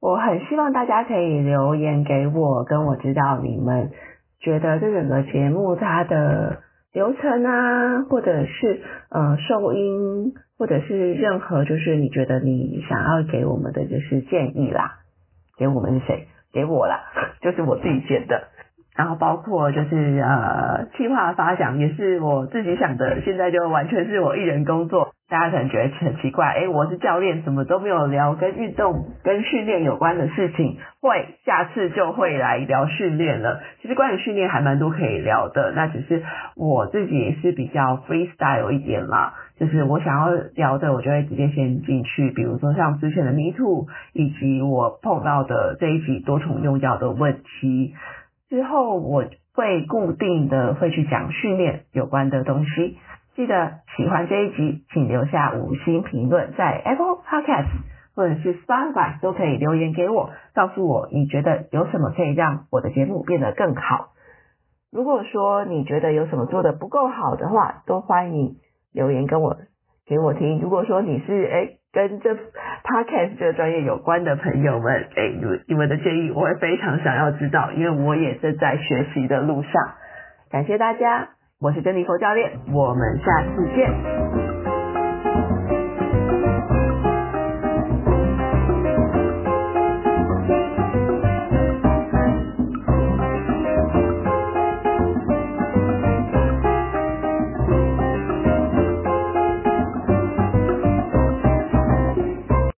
我很希望大家可以留言給我，跟我知道你們覺得這整個節目它的流程啊，或者是呃收音，或者是任何就是你覺得你想要給我們的就是建議啦，給我們是誰？給我啦，就是我自己剪的。然後包括就是呃，企劃發想也是我自己想的。現在就完全是我一人工作，大家可能覺得很奇怪。哎，我是教練，怎麼都沒有聊跟運動、跟訓練有關的事情？會，下次就會來聊訓練了。其實關於訓練還蠻多可以聊的，那只是我自己也是比較 freestyle 一點嘛，就是我想要聊的，我就會直接先進去。比如說像之前的 Me Too，以及我碰到的這一集多重用藥的問題。之後我會固定的會去講訓練有關的東西。記得喜歡這一集，請留下五星評論，在 Apple Podcast 或者是 Spotify 都可以留言給我，告訴我你覺得有什麼可以讓我的節目變得更好。如果說你覺得有什麼做得不夠好的話，都歡迎留言跟我給我聽。如果說你是哎。跟這 podcast 這個專業有關的朋友們，哎，你們的建議我會非常想要知道，因為我也是在學習的路上。感謝大家，我是珍妮佛教練，我們下次見。